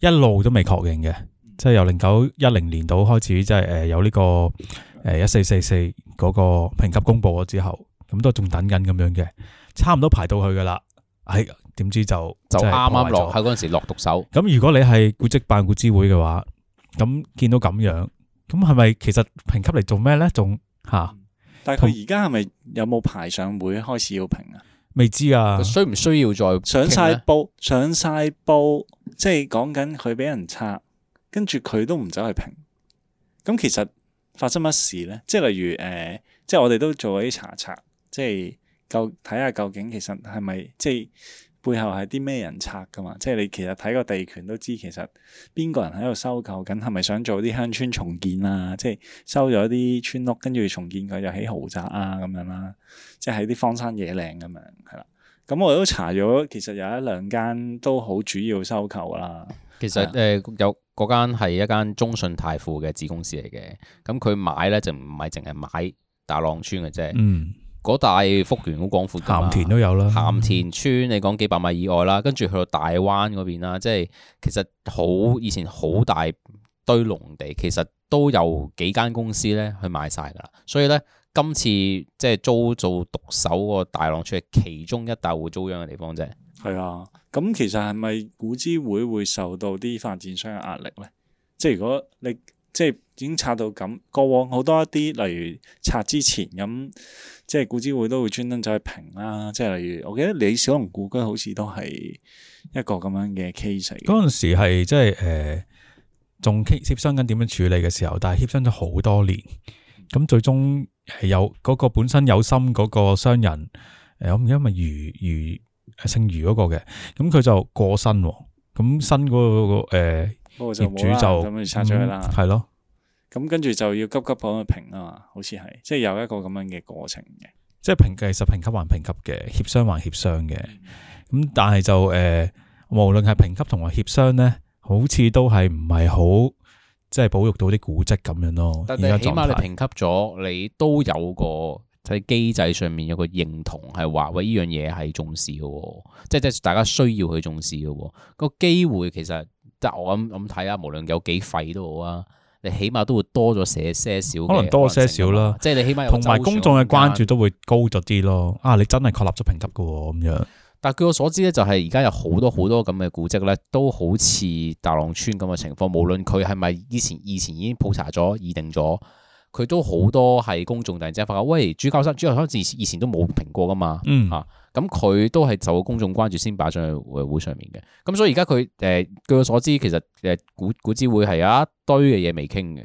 一路都未確認嘅，嗯、即係由零九一零年度開始，即係誒有呢、這個誒一四四四嗰個評級公布咗之後，咁都仲等緊咁樣嘅，差唔多排到去噶啦。係、哎、點知就就啱啱落喺嗰陣時落毒手。咁如果你係古蹟辦古諮會嘅話，咁見到咁樣，咁係咪其實評級嚟做咩咧？仲？吓、嗯！但係佢而家係咪有冇排上會開始要評啊？未知啊，需唔需要再上晒報？上晒報，即係講緊佢俾人拆，跟住佢都唔走去評。咁其實發生乜事咧？即係例如誒、呃，即係我哋都做咗啲查冊，即係，夠睇下究竟其實係咪即係。背後係啲咩人拆噶嘛？即係你其實睇個地權都知，其實邊個人喺度收購緊，係咪想做啲鄉村重建啊？即係收咗啲村屋，跟住重建佢就起豪宅啊咁樣啦。即係喺啲荒山野嶺咁樣，係啦。咁我都查咗，其實有一兩間都好主要收購啦。的其實誒有嗰間係一間中信泰富嘅子公司嚟嘅，咁佢買咧就唔係淨係買大浪村嘅啫。嗯。嗰大福源好廣闊咸田都有啦，咸田村你講幾百米以外啦，跟住去到大灣嗰邊啦，即係其實好以前好大堆農地，其實都有幾間公司咧去買晒噶啦，所以咧今次即係遭到毒手個大浪村係，其中一大戶遭殃嘅地方啫。係啊，咁其實係咪古諮會會受到啲發展商嘅壓力咧？即係如果你即係。已經拆到咁，過往好多一啲，例如拆之前咁、嗯，即係古諮會都會專登走去評啦。即係例如，我記得李小龍故居好似都係一個咁樣嘅 case。嗰陣時係即係誒，仲協商緊點樣處理嘅時候，但係協商咗好多年，咁最終係有嗰、嗰個本身有心嗰個商人，咁、呃、因為余余、啊、姓余嗰個嘅，咁佢就過身喎，咁新嗰、嗰個誒、呃、業主就咁拆出去啦係咯。咁跟住就要急急咁去評啊嘛，好似係，即係有一個咁樣嘅過程嘅、呃。即係評價，其實評級還評級嘅，協商還協商嘅。咁但係就誒，無論係評級同埋協商咧，好似都係唔係好即係保育到啲古蹟咁樣咯。而家但是 起碼你評級咗，你都有個即係機制上面有個認同，係話喂，依樣嘢係重視嘅、哦，即即係大家需要去重視嘅、哦。那個機會其實，即我咁咁睇下，無論有幾廢都好啊。你起碼都會多咗寫些，些少可，可能多些少啦。即係你起碼同埋公眾嘅關注都會高咗啲咯。啊，你真係確立咗評級㗎咁樣。但係據我所知咧，就係而家有好多好多咁嘅古蹟咧，都好似大浪村咁嘅情況，無論佢係咪以前以前已經普查咗、擬定咗。佢都好多係公眾突然之間發覺，喂，主教室，主教室以前都冇評過噶嘛，嚇咁佢都係受公眾關注先擺上去會會上面嘅。咁所以而家佢誒據我所知，其實誒古古諮會係有一堆嘅嘢未傾嘅。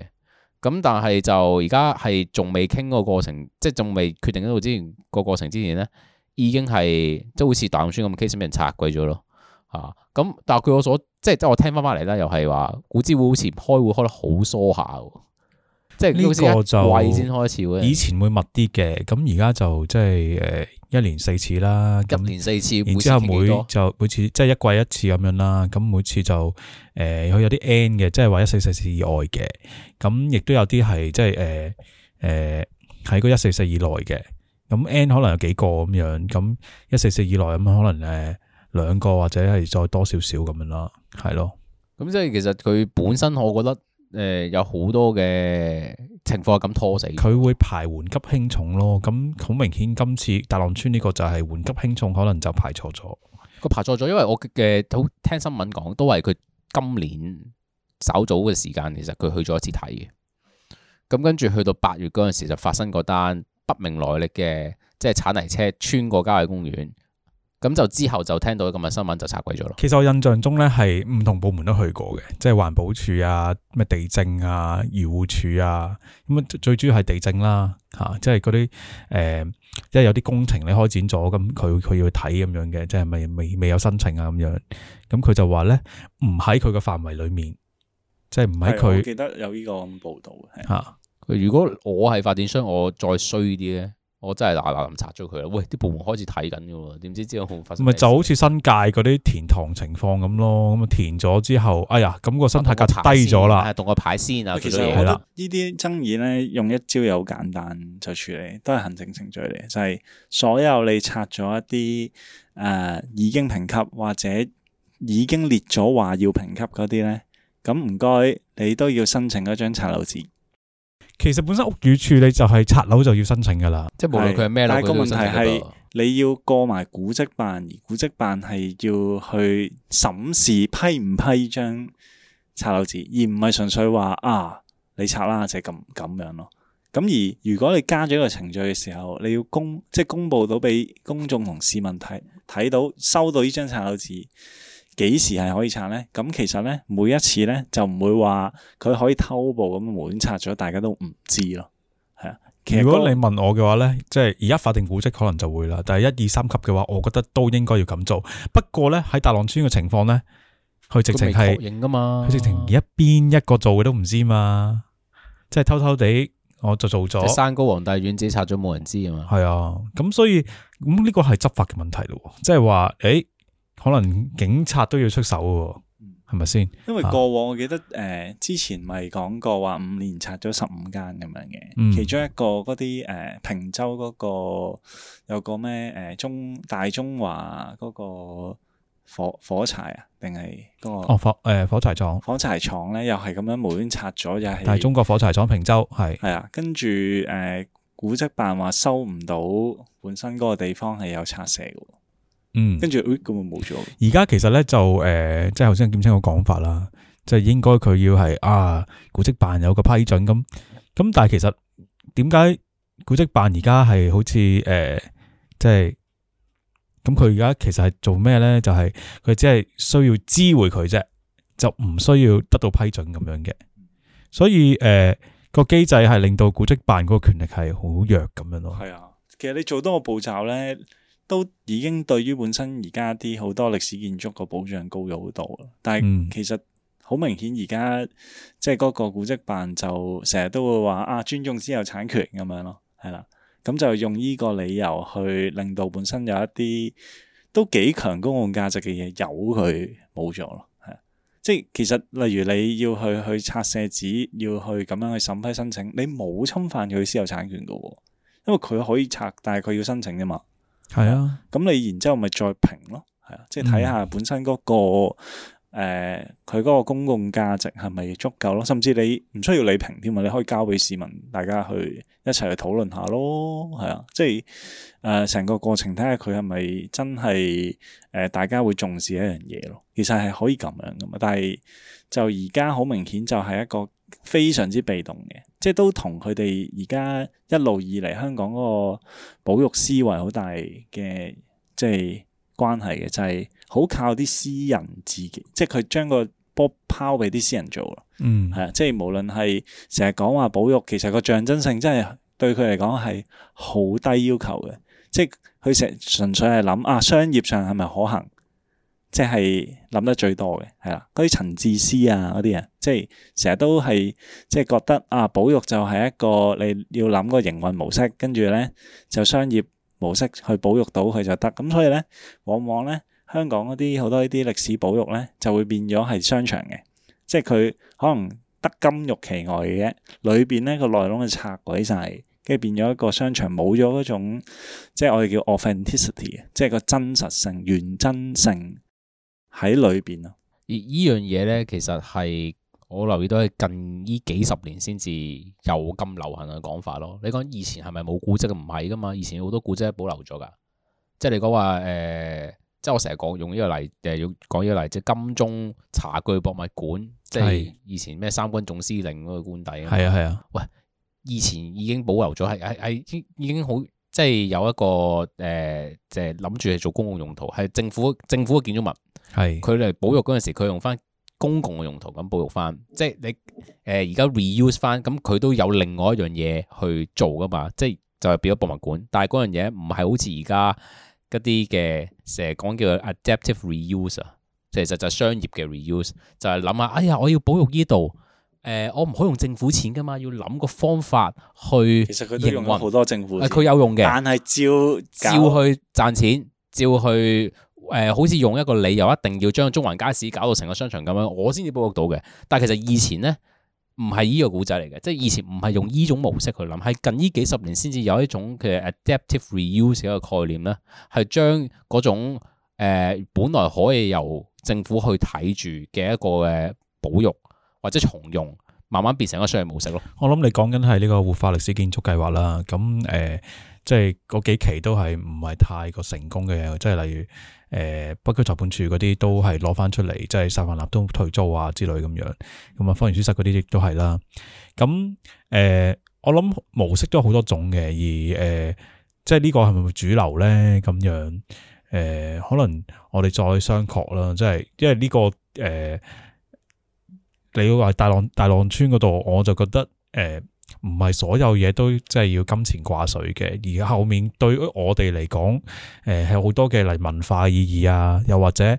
咁但係就而家係仲未傾個過程，即係仲未決定嗰度之前、個過程之前咧，已經係即係好似大浪村咁 case 俾人拆鬼咗咯，嚇、啊、咁。但係據我所即係即係我聽翻翻嚟啦，又係話古諮會好似開會開得好疏下。即係呢個就以前會密啲嘅，咁而家就即係誒一年四次啦。一年四次，然之後每就每次即係一季一次咁樣啦。咁每次就誒佢、呃、有啲 N 嘅，即係話一四四四以外嘅。咁亦都有啲係即係誒誒喺個一四四以內嘅。咁 N 可能有幾個咁樣。咁一四四以內咁樣可能誒兩個或者係再多少少咁樣啦。係咯。咁即係其實佢本身，我覺得。誒、呃，有好多嘅情況係咁拖死，佢會排緩急輕重咯。咁好明顯，今次大浪村呢個就係緩急輕重，可能就排錯咗。佢排錯咗，因為我嘅好聽新聞講，都係佢今年稍早嘅時間，其實佢去咗一次睇嘅。咁跟住去到八月嗰陣時，就發生嗰單不明來歷嘅即係鏟泥車穿過郊野公園。咁就之後就聽到咁嘅新聞就拆鬼咗咯。其實我印象中咧係唔同部門都去過嘅，即係環保署啊、咩地政啊、漁護署啊，咁啊最主要係地政啦，嚇，即係嗰啲誒，即係有啲工程你開展咗，咁佢佢要睇咁樣嘅，即係未未未有申請啊咁樣，咁佢就話咧唔喺佢嘅範圍裡面，是即係唔喺佢。記得有呢個報導嚇。啊、如果我係發展商，我再衰啲咧。我真係嗱嗱咁拆咗佢啦，喂，啲部門開始睇緊噶喎，點知之後好發生？咪就好似新界嗰啲填塘情況咁咯，咁啊填咗之後，哎呀，咁個生態價低咗啦，動、啊、個牌先啊，先其實我覺得呢啲爭議咧，對了 用一招又好簡單就處理，都係行政程序嚟，就係、是、所有你拆咗一啲誒、呃、已經評級或者已經列咗話要評級嗰啲咧，咁唔該你都要申請一張拆樓紙。其實本身屋宇處理就係拆樓就要申請噶啦，即係無論佢係咩，但係個問題係你要過埋古蹟辦，而古蹟辦係要去審視批唔批張拆樓字，而唔係純粹話啊你拆啦就咁、係、咁樣咯。咁而如果你加咗個程序嘅時候，你要公即係、就是、公布到俾公眾同市民睇睇到，收到呢張拆樓字。幾時係可以拆呢？咁其實呢，每一次呢，就唔會話佢可以偷步咁無端拆咗，大家都唔知咯。係啊、那個，如果你問我嘅話呢，即係而家法定古蹟可能就會啦，但係一二三級嘅話，我覺得都應該要咁做。不過呢，喺大浪村嘅情況呢，佢直情係認噶嘛，佢直情一邊一個做嘅都唔知嘛，即係偷偷地我就做咗山高皇帝遠，自己拆咗冇人知啊嘛。係啊，咁所以咁呢個係執法嘅問題咯，即係話誒。欸可能警察都要出手喎，係咪先？吧因為過往我記得誒、呃，之前咪講過話五年拆咗十五間咁樣嘅，嗯、其中一個嗰啲誒平洲嗰、嗰個有個咩誒、呃、中大中華嗰個火火柴啊，定係、嗰個哦火誒、呃、火，火柴廠？火柴廠咧又係咁樣無端拆咗，又係。就是、但係中國火柴廠平洲係係啊，跟住誒古蹟辦話收唔到，本身嗰個地方係有拆卸嘅。嗯，跟住，咁啊冇咗。而家其實咧就誒、呃，即係頭先劍青個講法啦，即係應該佢要係啊古蹟辦有個批准咁，咁但係其實點解古蹟辦而家係好似誒、呃，即係咁佢而家其實係做咩咧？就係、是、佢只係需要知會佢啫，就唔需要得到批准咁樣嘅。所以誒、呃那個機制係令到古蹟辦嗰個權力係好弱咁樣咯。係啊，其實你做多個步驟咧。都已經對於本身而家啲好多歷史建築個保障高咗好多，但係其實好明顯，而家即係嗰個古蹟辦就成日都會話啊，尊重私有產權咁樣咯，係啦，咁就用呢個理由去令到本身有一啲都幾強公共價值嘅嘢，由佢冇咗咯，係即係其實例如你要去去拆卸紙，要去咁樣去審批申請，你冇侵犯佢私有產權噶，因為佢可以拆，但係佢要申請啫嘛。係啊，咁你、嗯嗯、然之後咪再評咯，係啊，即係睇下本身嗰、嗰個誒，佢嗰個公共價值係咪足夠咯？甚至你唔需要你評添啊，你可以交俾市民大家去一齊去討論下咯，係啊，即係誒，成個過程睇下佢係咪真係誒、呃，大家會重視一樣嘢咯。其實係可以咁樣噶嘛，但係就而家好明顯就係一個，非常之被動嘅，即係都同佢哋而家一路以嚟香港嗰個保育思維好大嘅即係關係嘅，就係、是、好靠啲私人自己，即係佢將個波拋俾啲私人做咯，嗯，係啊，即係無論係成日講話保育，其實個象徵性真係對佢嚟講係好低要求嘅，即係佢成日純粹係諗啊商業上係咪可行？即係諗得最多嘅，係啦，嗰啲陳智思啊，嗰啲人，即係成日都係即係覺得啊，保育就係一個你要諗個營運模式，跟住咧就商業模式去保育到佢就得。咁所以咧，往往咧香港嗰啲好多呢啲歷史保育咧，就會變咗係商場嘅，即係佢可能得金玉其外嘅啫，裡面呢裏邊咧個內容係拆鬼晒，跟住變咗一個商場，冇咗嗰種即係我哋叫 authenticity，即係個真實性、原真性。喺裏邊啊！而依樣嘢咧，其實係我留意到係近依幾十年先至有咁流行嘅講法咯。你講以前係咪冇古跡？唔係噶嘛，以前好多古跡都保留咗噶、就是呃。即係你講話誒，即係我成日講用呢個例誒，講、呃、呢個例，即金鐘茶具博物館，是即係以前咩三軍總司令嗰個官邸啊。係啊係啊！喂，以前已經保留咗，係係係已經已經好。即係有一個誒、呃，就係諗住係做公共用途，係政府政府嘅建築物，係佢嚟保育嗰陣時，佢用翻公共嘅用途咁保育翻。即係你誒而家 reuse 翻，咁、呃、佢都有另外一樣嘢去做噶嘛。即係就係變咗博物館，但係嗰樣嘢唔係好似而家嗰啲嘅成日講叫 adaptive reuse 啊，其實就商業嘅 reuse，就係諗下，哎呀，我要保育呢度。誒、呃，我唔可以用政府錢噶嘛，要諗個方法去營運。好多政府，佢、呃、有用嘅，但係照照去賺錢，照去、誒、呃，好似用一個理由，一定要將中環街市搞到成個商場咁樣，我先至保育到嘅。但係其實以前咧，唔係呢個古仔嚟嘅，即係以前唔係用呢種模式去諗，係近呢幾十年先至有一種嘅 adaptive reuse 嘅一個概念咧，係將嗰種誒、呃、本來可以由政府去睇住嘅一個嘅保育。或者重用，慢慢變成一個商業模式咯。我諗你講緊係呢個活化歷史建築計劃啦。咁誒，即係嗰幾期都係唔係太過成功嘅，即係例如誒、呃、北區裁判處嗰啲都係攞翻出嚟，即係薩凡納都退租啊之類咁樣。咁啊，芳園書室嗰啲亦都係啦。咁誒、呃，我諗模式都有好多種嘅，而誒、呃，即係呢個係咪主流咧？咁樣誒、呃，可能我哋再商榷啦。即係因為呢、這個誒。呃你話大浪大浪村嗰度，我就覺得誒唔係所有嘢都即係要金錢掛水嘅。而後面對於我哋嚟講，誒係好多嘅嚟文化意義啊。又或者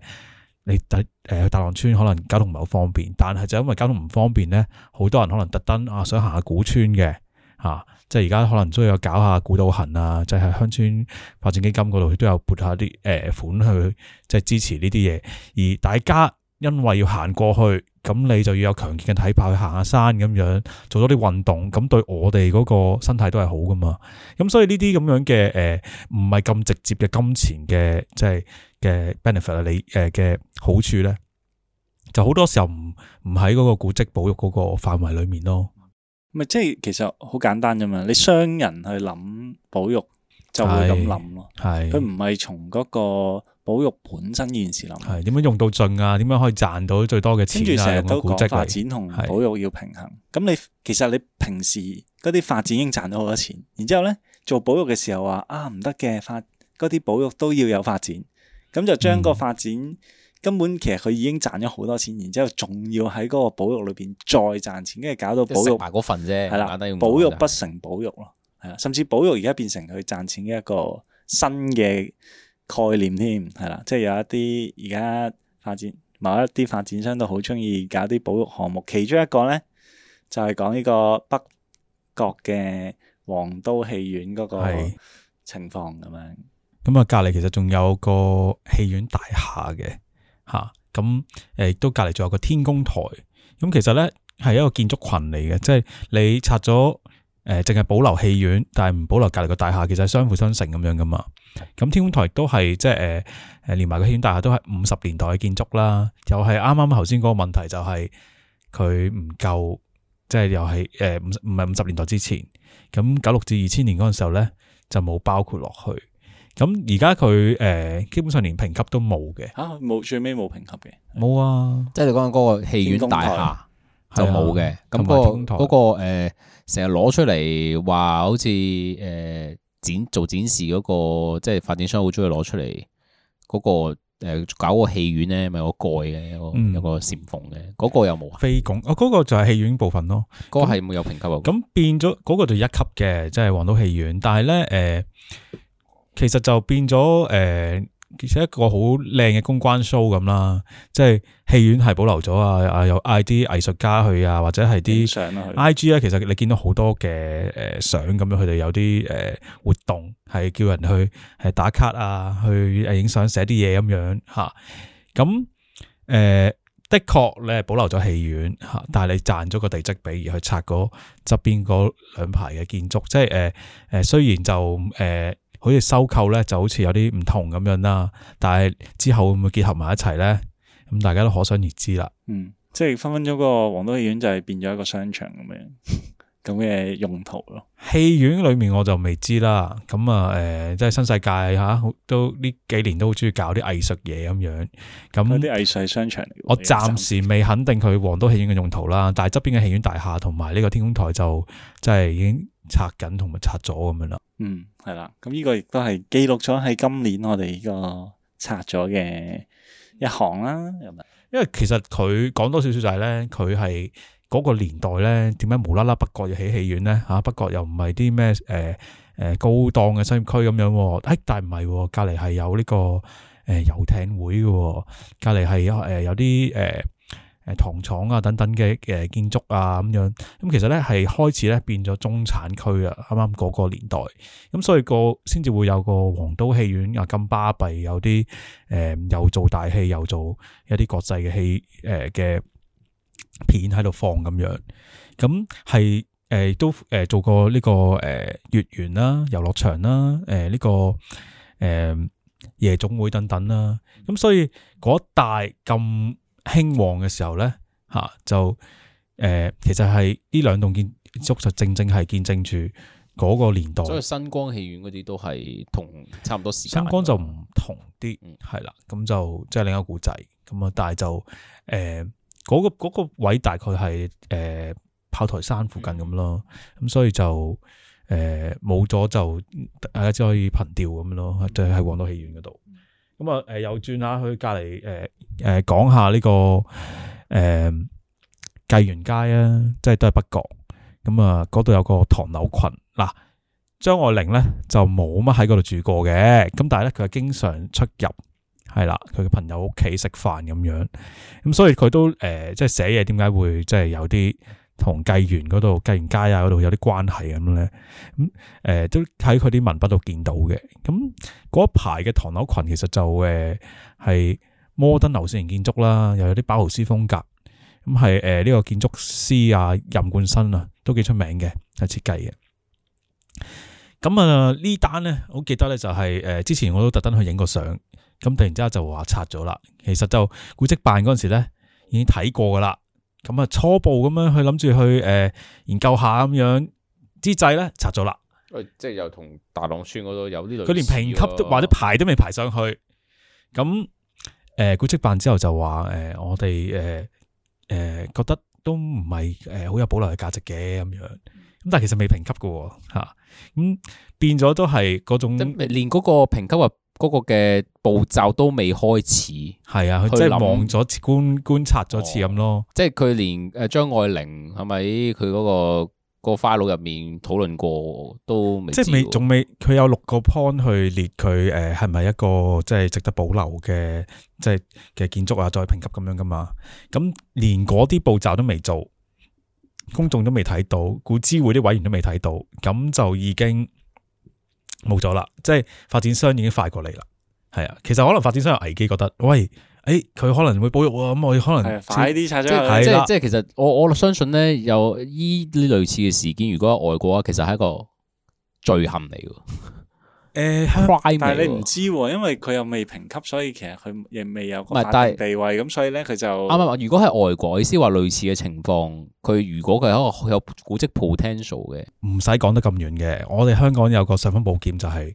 你大誒大浪村可能交通唔係好方便，但係就因為交通唔方便咧，好多人可能特登啊想行下古村嘅嚇，即係而家可能都有搞下古道行啊。即係鄉村發展基金嗰度，都有撥下啲誒款去即係支持呢啲嘢。而大家因為要行過去。咁你就要有強健嘅體魄去行下山咁樣，做多啲運動，咁對我哋嗰個身體都係好噶嘛。咁所以呢啲咁樣嘅誒，唔係咁直接嘅金錢嘅即係嘅 benefit 啊，你誒嘅好處咧，就好多時候唔唔喺嗰個古蹟保育嗰個範圍裏面咯。咪即係其實好簡單啫嘛。你商人去諗保育，就會咁諗咯。係佢唔係從嗰個。保育本身呢件事諗係點樣用到盡啊？點樣可以賺到最多嘅錢啊？跟住成日都講是發展同保育要平衡。咁是你其實你平時嗰啲發展已經賺咗好多錢，然之後咧做保育嘅時候話啊唔得嘅發嗰啲保育都要有發展。咁就將個發展、嗯、根本其實佢已經賺咗好多錢，然之後仲要喺嗰個保育裏邊再賺錢，跟住搞到保育埋份啫。係啦的，保育不成保育咯，係啦，甚至保育而家變成佢賺錢嘅一個新嘅概念添，係啦，即係有一啲而家發展某一啲發展商都好鍾意搞啲保育項目，其中一個咧就係、是、講呢個北角嘅皇都戲院嗰個情況咁樣。咁啊，隔離其實仲有個戲院大廈嘅，嚇、啊，咁誒都隔離仲有個天宮台，咁其實咧係一個建築群嚟嘅，即、就、係、是、你拆咗。誒，淨係保留戲院，但係唔保留隔籬個大廈，其實係相輔相成咁樣噶嘛。咁天宮台都係即係誒誒，連埋個戲院大廈都係五十年代嘅建築啦。又係啱啱頭先嗰個問題就係佢唔夠，即係又係誒五唔係五十年代之前。咁九六至二千年嗰陣時候咧就冇包括落去。咁而家佢誒基本上連評級都冇嘅。啊，冇最尾冇評級嘅，冇啊。即係你講嗰個戲院大廈就冇嘅。咁、啊那個嗰、那個誒。呃成日攞出嚟話好似誒展做展示嗰、那個，即係發展商好中意攞出嚟嗰、那個搞個戲院咧，咪有蓋嘅，有個蟬縫嘅，嗰、嗯個,個,那個有冇啊？飛拱、哦，哦、那、嗰個就係戲院部分咯，嗰個係冇有評級嘅。咁變咗嗰、那個就一級嘅，即、就、係、是、皇都戲院。但係咧誒，其實就變咗誒。呃其實一個好靚嘅公關 show 咁啦，即係戲院係保留咗啊啊，又嗌啲藝術家去啊，或者係啲 I G 啊。其實你見到好多嘅誒相咁樣，佢哋有啲誒活動，係叫人去係打卡啊，去誒影相、寫啲嘢咁樣吓。咁誒的確，你係保留咗戲院吓，啊，但係你賺咗個地積比而去拆嗰側邊嗰兩排嘅建築，即係誒誒，雖然就誒。呃好似收購咧，就好似有啲唔同咁樣啦。但係之後會唔會結合埋一齊咧？咁大家都可想而知啦。嗯，即係分分鐘個皇都戲院就係變咗一個商場咁樣咁嘅 *laughs* 用途咯。戲院裏面我就未知啦。咁啊，誒、呃，即係新世界吓，都呢幾年都好中意搞啲藝術嘢咁樣。咁啲藝術商場。我暫時，暫時未肯定佢皇都戲院嘅用途啦，但係側邊嘅戲院大廈同埋呢個天宮台就即係、就是、已經。拆緊同埋拆咗咁樣啦，嗯係啦，咁、這、呢個亦都係記錄咗喺今年我哋呢個拆咗嘅一行啦，是是因為其實佢講多少少就係咧，佢係嗰個年代咧，點解無啦啦、啊、不過要起戲院咧？吓、呃，不過又唔係啲咩誒誒高檔嘅商業區咁樣、哦，誒、哎、但係唔係，隔籬係有呢、這個誒、呃、遊艇會嘅、哦，隔籬係誒有啲誒。呃誒糖廠啊，等等嘅誒建築啊，咁樣咁其實咧係開始咧變咗中產區啊，啱啱嗰個年代，咁所以個先至會有個皇都戲院啊咁巴閉，有啲誒、呃、又做大戲，又做一啲國際嘅戲誒嘅、呃、片喺度放咁樣，咁係誒都誒做過呢、這個誒、呃、月園啦、遊樂場啦、誒、呃、呢、這個誒、呃、夜總會等等啦，咁、嗯、所以嗰一帶咁，興旺嘅時候咧，吓、啊、就誒、呃，其實係呢兩棟建築就正正係見證住嗰個年代、嗯，所以新光戲院嗰啲都係同差唔多時間。新光就唔同啲，係、嗯、啦，咁就即係另一個故仔咁啊！但係就誒，嗰、呃嗰個、嗰個位大概係誒炮台山附近咁咯，咁、嗯、所以就誒冇咗就大家只可以憑吊咁樣咯，即係喺皇都戲院嗰度。咁啊，誒、嗯呃、又轉下去隔離，誒、呃、誒、呃、講下呢、這個誒、呃、繼園街啊，即係都係北角。咁、嗯、啊，嗰度有個唐樓群，嗱、啊，張愛玲咧就冇乜喺嗰度住過嘅，咁但係咧佢係經常出入，係啦，佢嘅朋友屋企食飯咁樣。咁、嗯、所以佢都誒、呃，即係寫嘢點解會即係有啲。同繼園嗰度繼園街啊嗰度有啲關係咁咧，咁、呃、誒都喺佢啲文筆度見到嘅。咁嗰一排嘅唐樓群其實就誒、是、係、呃、摩登流線型建築啦，又有啲包豪斯風格。咁係誒呢個建築師啊任冠新啊都幾出名嘅，係設計嘅。咁啊、呃、呢單咧，我記得咧就係、是、誒、呃、之前我都特登去影個相，咁突然之間就話拆咗啦。其實就古蹟辦嗰陣時咧已經睇過㗎啦。咁啊，初步咁樣去諗住去誒研究下咁樣之際咧，拆咗啦。誒，即係又同大浪村嗰度有啲類似，佢連評級都 *noise* 或者排都未排上去。咁、嗯、誒，古蹟、呃、辦之後就話誒、呃，我哋誒誒覺得都唔係誒好有保留嘅價值嘅咁樣。咁但係其實未評級嘅吓，咁、啊嗯、變咗都係嗰種。連嗰個評級啊？嗰個嘅步驟都未開始，係啊，佢即係望咗次觀觀察咗次咁咯，哦，即係佢連誒張愛玲係咪佢嗰個嗰，嗰個花樓入面討論過都未即係未仲未，佢有六個 point 去列佢誒係咪一個即係值得保留嘅即係嘅建築啊，再評級咁樣噶嘛，咁連嗰啲步驟都未做，公眾都未睇到，古諮會啲委員都未睇到，咁就已經。冇咗啦，即係發展商已經快過嚟啦，係啊，其實可能發展商有危機，覺得喂，誒、欸，佢可能會保育啊，咁我可能快啲拆咗佢，即係是的即係其實我我相信咧，有依啲類似嘅事件，如果喺外國啊，其實係一個罪行嚟嘅。 *laughs* 誒，欸、向但係你唔知喎，因為佢又未評級，所以其實佢亦未有法定地位，咁是是所以咧佢就啱唔啱？如果係外國，意思話類似嘅情況，佢如果佢係一個有古蹟 potential 嘅，唔使講得咁遠嘅，我哋香港有個十分保鑣就係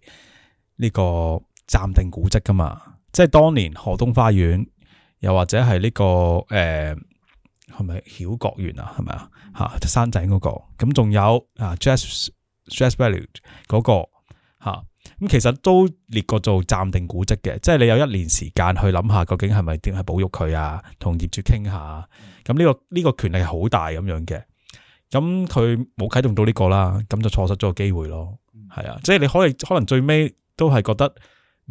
呢個暫定古蹟㗎嘛，即係當年何東花園，又或者係呢、呢個誒係咪曉角園啊？係咪、嗯那個那個、啊？嚇，山仔嗰個，咁仲有啊？Jessville Jessville 嗰個嚇。咁其實都列過做暫定古蹟嘅，即係你有一年時間去諗下，究竟係咪點去保育佢啊？同業主傾下，咁呢個呢個權力係好大咁樣嘅。咁佢冇啟動到呢個啦，咁就錯失咗個機會咯。係啊，即係你可能可能最尾都係覺得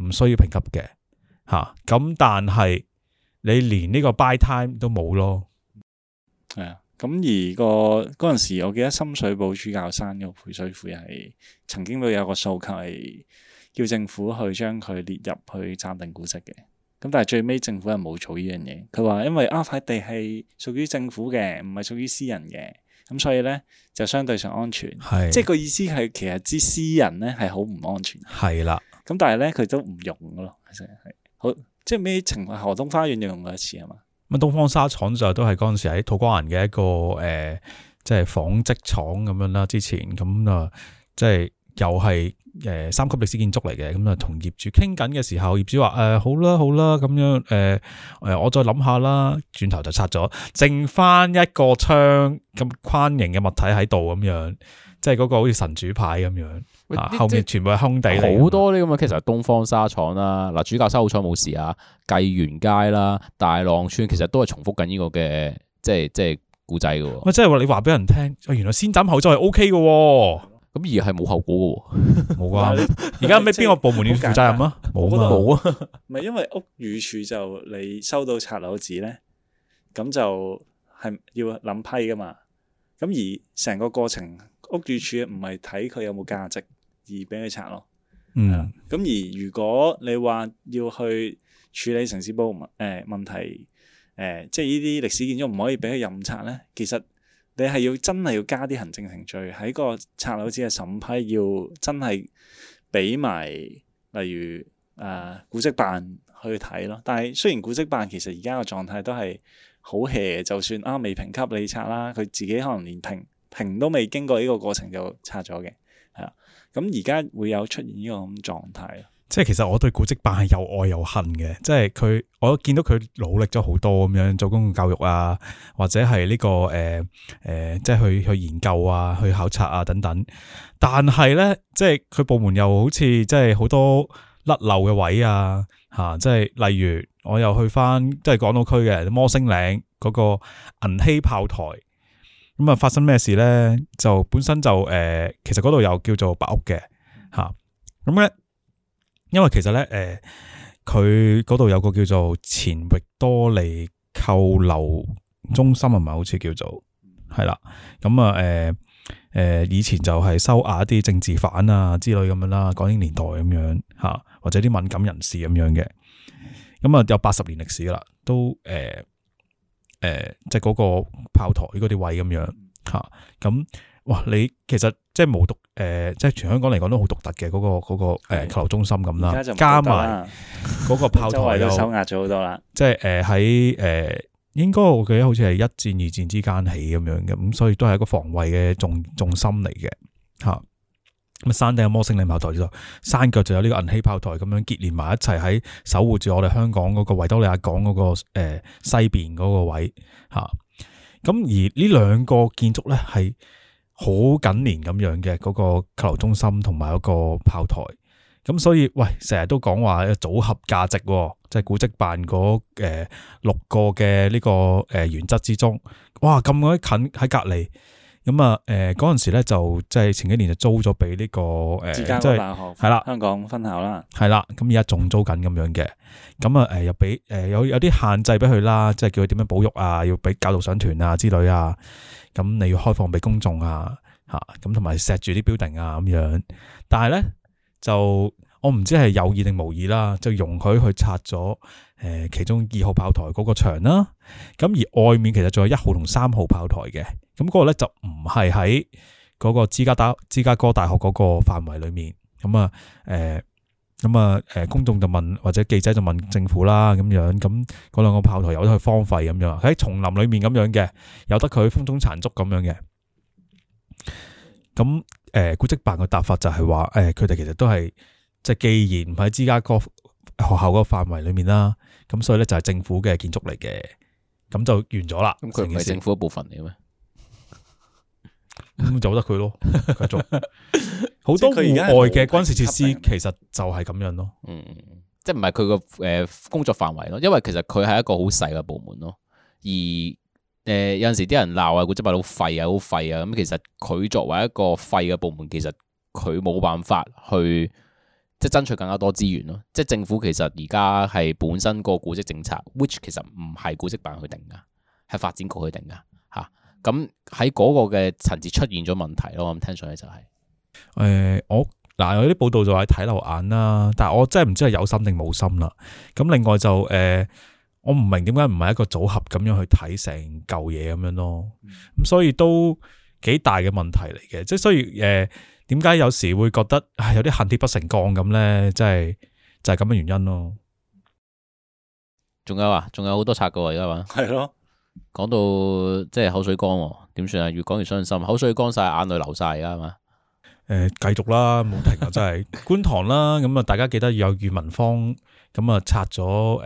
唔需要評級嘅嚇。咁但係你連呢個 buy time 都冇咯。係、yeah. 咁而個嗰陣時，我記得深水埗主教山個配水庫係曾經都有個訴求，係叫政府去將佢列入去暫定古蹟嘅。咁但係最尾政府係冇做呢樣嘢，佢話因為啊塊地係屬於政府嘅，唔係屬於私人嘅，咁所以咧就相對上安全。係是即係個意思係其實之私人咧係好唔安全。係啦的，咁但係咧佢都唔用咯，其實即係好即係咩情況？何東花園又用過一次係嘛？咁啊，東方沙廠就都係嗰陣時喺土瓜灣嘅一個誒、呃，即係紡織廠咁樣啦。之前咁啊，即係又係誒、呃、三級歷史建築嚟嘅。咁啊，同業主傾緊嘅時候，業主話誒、呃、好啦，好啦，咁樣誒誒、呃，我再諗下啦，轉頭就拆咗，剩翻一個窗咁寬型嘅物體喺度咁樣。即係嗰個好似神主牌咁樣，後面全部係空地，好多啲咁嘅。其實東方沙廠啦，嗱，主教沙好彩冇事啊，繼園街啦，大浪村其實都係重複緊呢個嘅，即係即係故仔嘅。我即係話你話俾人聽，原來先斬後再係 O K 嘅，咁而係冇後果嘅，冇啊。而家咩邊個部門要負責任啊？冇啊，冇啊，唔係因為屋宇處就你收到拆樓紙咧，咁就係要諗批噶嘛，咁而成個過程。屋住處唔係睇佢有冇價值而俾佢拆咯，嗯，咁、啊、而如果你話要去處理城市保護誒問題、呃、即係呢啲歷史建築唔可以俾佢任拆呢？其實你係要真係要加啲行政程序喺個拆樓只嘅審批，要真係俾埋例如誒、呃、古蹟辦去睇咯。但係雖然古蹟辦其實而家嘅狀態都係好 hea，就算啱、啊、未評級你拆啦，佢自己可能連評。平都未經過呢個過程就拆咗嘅，係啊，咁而家會有出現呢個咁狀態。即係其實我對古蹟辦係又愛又恨嘅，即係佢我見到佢努力咗好多咁樣做公共教育啊，或者係呢、呢個誒誒、呃呃，即係去去研究啊，去考察啊等等。但係咧，即係佢部門又好似即係好多甩漏嘅位啊，吓、啊，即係例如我又去翻即係港島區嘅摩星嶺嗰、嗰個銀禧炮台。咁啊！發生咩事咧？就本身就誒、呃，其實嗰度有叫做白屋嘅吓。咁、啊、咧，因為其實咧誒，佢嗰度有個叫做前域多利扣留中心，係咪？好似叫做係啦。咁啊，誒、呃、誒，以前就係收押一啲政治犯啊之類咁樣啦，港英年代咁樣吓、啊，或者啲敏感人士咁樣嘅。咁啊，有八十年歷史啦，都誒。呃誒，即係嗰個炮台嗰啲位咁樣吓，咁、啊、哇，你其實即係冇獨誒、即、呃、係、就是、全香港嚟講都好獨特嘅嗰、那個、那個誒、呃，球中心咁啦，加埋嗰個炮台 *laughs* 都收押咗好多啦。即係誒喺誒，應該我記得好似係一戰二戰之間起咁樣嘅，咁、嗯、所以都係一個防衛嘅重重心嚟嘅吓。啊咁山頂有摩星嶺炮台嗰度，山腳就有呢個銀禧炮台咁樣結連埋一齊，喺守護住我哋香港嗰個維多利亞港嗰個誒西邊嗰個位吓。咁、啊、而呢兩個建築咧係好緊連咁樣嘅，嗰、嗰個扣留中心同埋一個炮台。咁所以喂，成日都講話組合價值，即係古蹟辦嗰誒六個嘅呢個誒原則之中，哇咁鬼近喺隔籬。咁啊，誒，嗰陣時咧就即係前幾年就租咗俾呢個誒，大學即係係啦，了香港分校啦，係啦，咁而家仲租緊咁樣嘅。咁啊，誒，又俾誒有有啲限制俾佢啦，即係叫佢點樣保育啊，要俾教導上團啊之類啊。咁你要開放俾公眾啊，吓咁同埋錫住啲 building 啊咁樣。但係咧就我唔知係有意定無意啦，就容許去拆咗誒、呃、其中二號炮台嗰個牆啦。咁、啊、而外面其實仲有一號同三號炮台嘅。咁嗰個咧就唔係喺嗰個芝加哥大學嗰個範圍裏面，咁啊，誒，咁啊，誒，公眾就問或者記者就問政府啦，咁樣，咁嗰兩個炮台有得佢荒廢咁樣，喺叢林裏面咁樣嘅，有得佢風中殘燭咁樣嘅。咁誒，古、呃、蹟辦嘅答法就係話，誒、呃，佢哋其實都係，即係既然唔喺芝加哥學校嗰個範圍裏面啦，咁所以咧就係政府嘅建築嚟嘅，咁就完咗啦。咁佢唔係政府一部分嚟嘅咩？咁就得佢咯，繼續。好多戶外嘅軍事設施其實就係咁樣咯，嗯，即係唔係佢個誒工作範圍咯，因為其實佢係一個好細嘅部門咯。而誒有陣時啲人鬧啊，古蹟辦好廢啊，好廢啊，咁其實佢作為一個廢嘅部門，其實佢冇辦法去即係爭取更加多資源咯。即係政府其實而家係本身個古蹟政策，which 其實唔係古蹟辦去定噶，係發展局去定噶。咁喺嗰個嘅層次出現咗問題咯，我諗聽上嚟就係，是，誒、呃，我嗱、呃、有啲報道就話睇漏眼啦，但係我真係唔知係有心定冇心啦。咁另外就誒、呃，我唔明點解唔係一個組合咁樣去睇成舊嘢咁樣咯。咁、嗯、所以都幾大嘅問題嚟嘅，即係所以誒，點、呃、解有時會覺得係有啲恨鐵不成鋼咁咧？即係就係咁嘅原因咯。仲有啊？仲有好多拆過呀，而家係嘛？係咯。講到即係口水乾、哦，點算啊？越講越傷心，口水乾晒，眼淚流晒，而家係嘛？誒、呃，繼續啦，冇停啊！真係 *laughs* 觀塘啦，咁啊，大家記得有裕民坊咁啊，就拆咗誒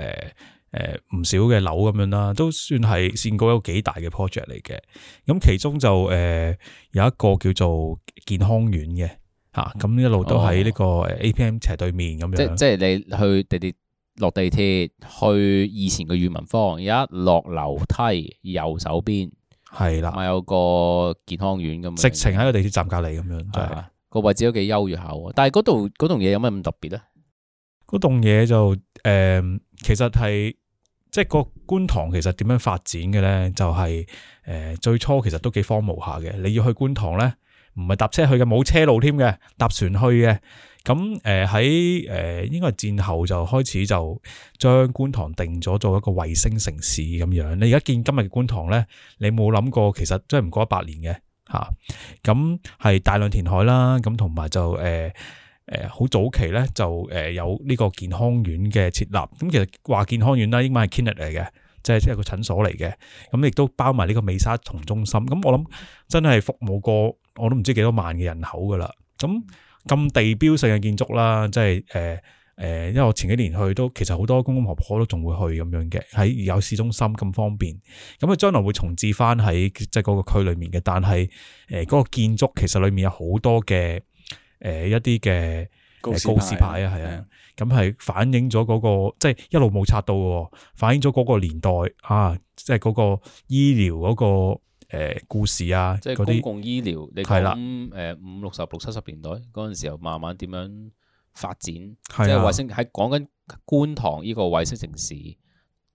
誒唔少嘅樓咁樣啦，都算係綫高有幾大嘅 project 嚟嘅。咁其中就誒、呃、有一個叫做健康院嘅，吓、啊、咁一路都喺呢個 APM 斜對面咁樣。哦、即即係你去地鐵。落地鐵去以前嘅裕民坊，一落樓梯右手邊係啦，咪有個健康院咁，直情喺個地鐵站隔籬咁樣就係啦個位置都幾優越下。但係嗰度嗰棟嘢有乜咁特別咧？嗰棟嘢就誒、呃，其實係即係個觀塘其實點樣發展嘅咧？就係、誒、呃，最初其實都幾荒蕪下嘅。你要去觀塘咧，唔係搭車去嘅，冇車路添嘅，搭船去嘅。咁誒喺誒應該係戰後就開始就將觀塘定咗做一個衛星城市咁樣。你而家見今日嘅觀塘咧，你冇諗過其實真係唔過一百年嘅嚇。咁、啊、係大量填海啦，咁同埋就誒誒好早期咧就誒有呢個健康院嘅設立。咁其實話健康院啦，應該係 clinic 嚟嘅，即係一個診所嚟嘅。咁亦都包埋呢個美沙同中心。咁我諗真係服務過我都唔知幾多萬嘅人口噶啦。咁咁地標性嘅建築啦，即係誒誒，因為我前幾年去都其實好多公公婆婆都仲會去咁樣嘅，喺有市中心咁方便，咁啊將來會重置返喺即係嗰個區裡面嘅，但係誒嗰個建築其實裡面有好多嘅誒、呃、一啲嘅告示牌啊，係啊，咁係的、嗯、反映咗嗰、嗰個即係一路冇拆到嘅，反映咗嗰個年代啊，即係嗰個醫療嗰、嗰個。誒故事啊，即係公共醫療，些你講誒五六十六七十年代陣是的 時候，慢慢點樣發展，是的 即係衛星喺講緊觀塘呢個衛星城市。嗯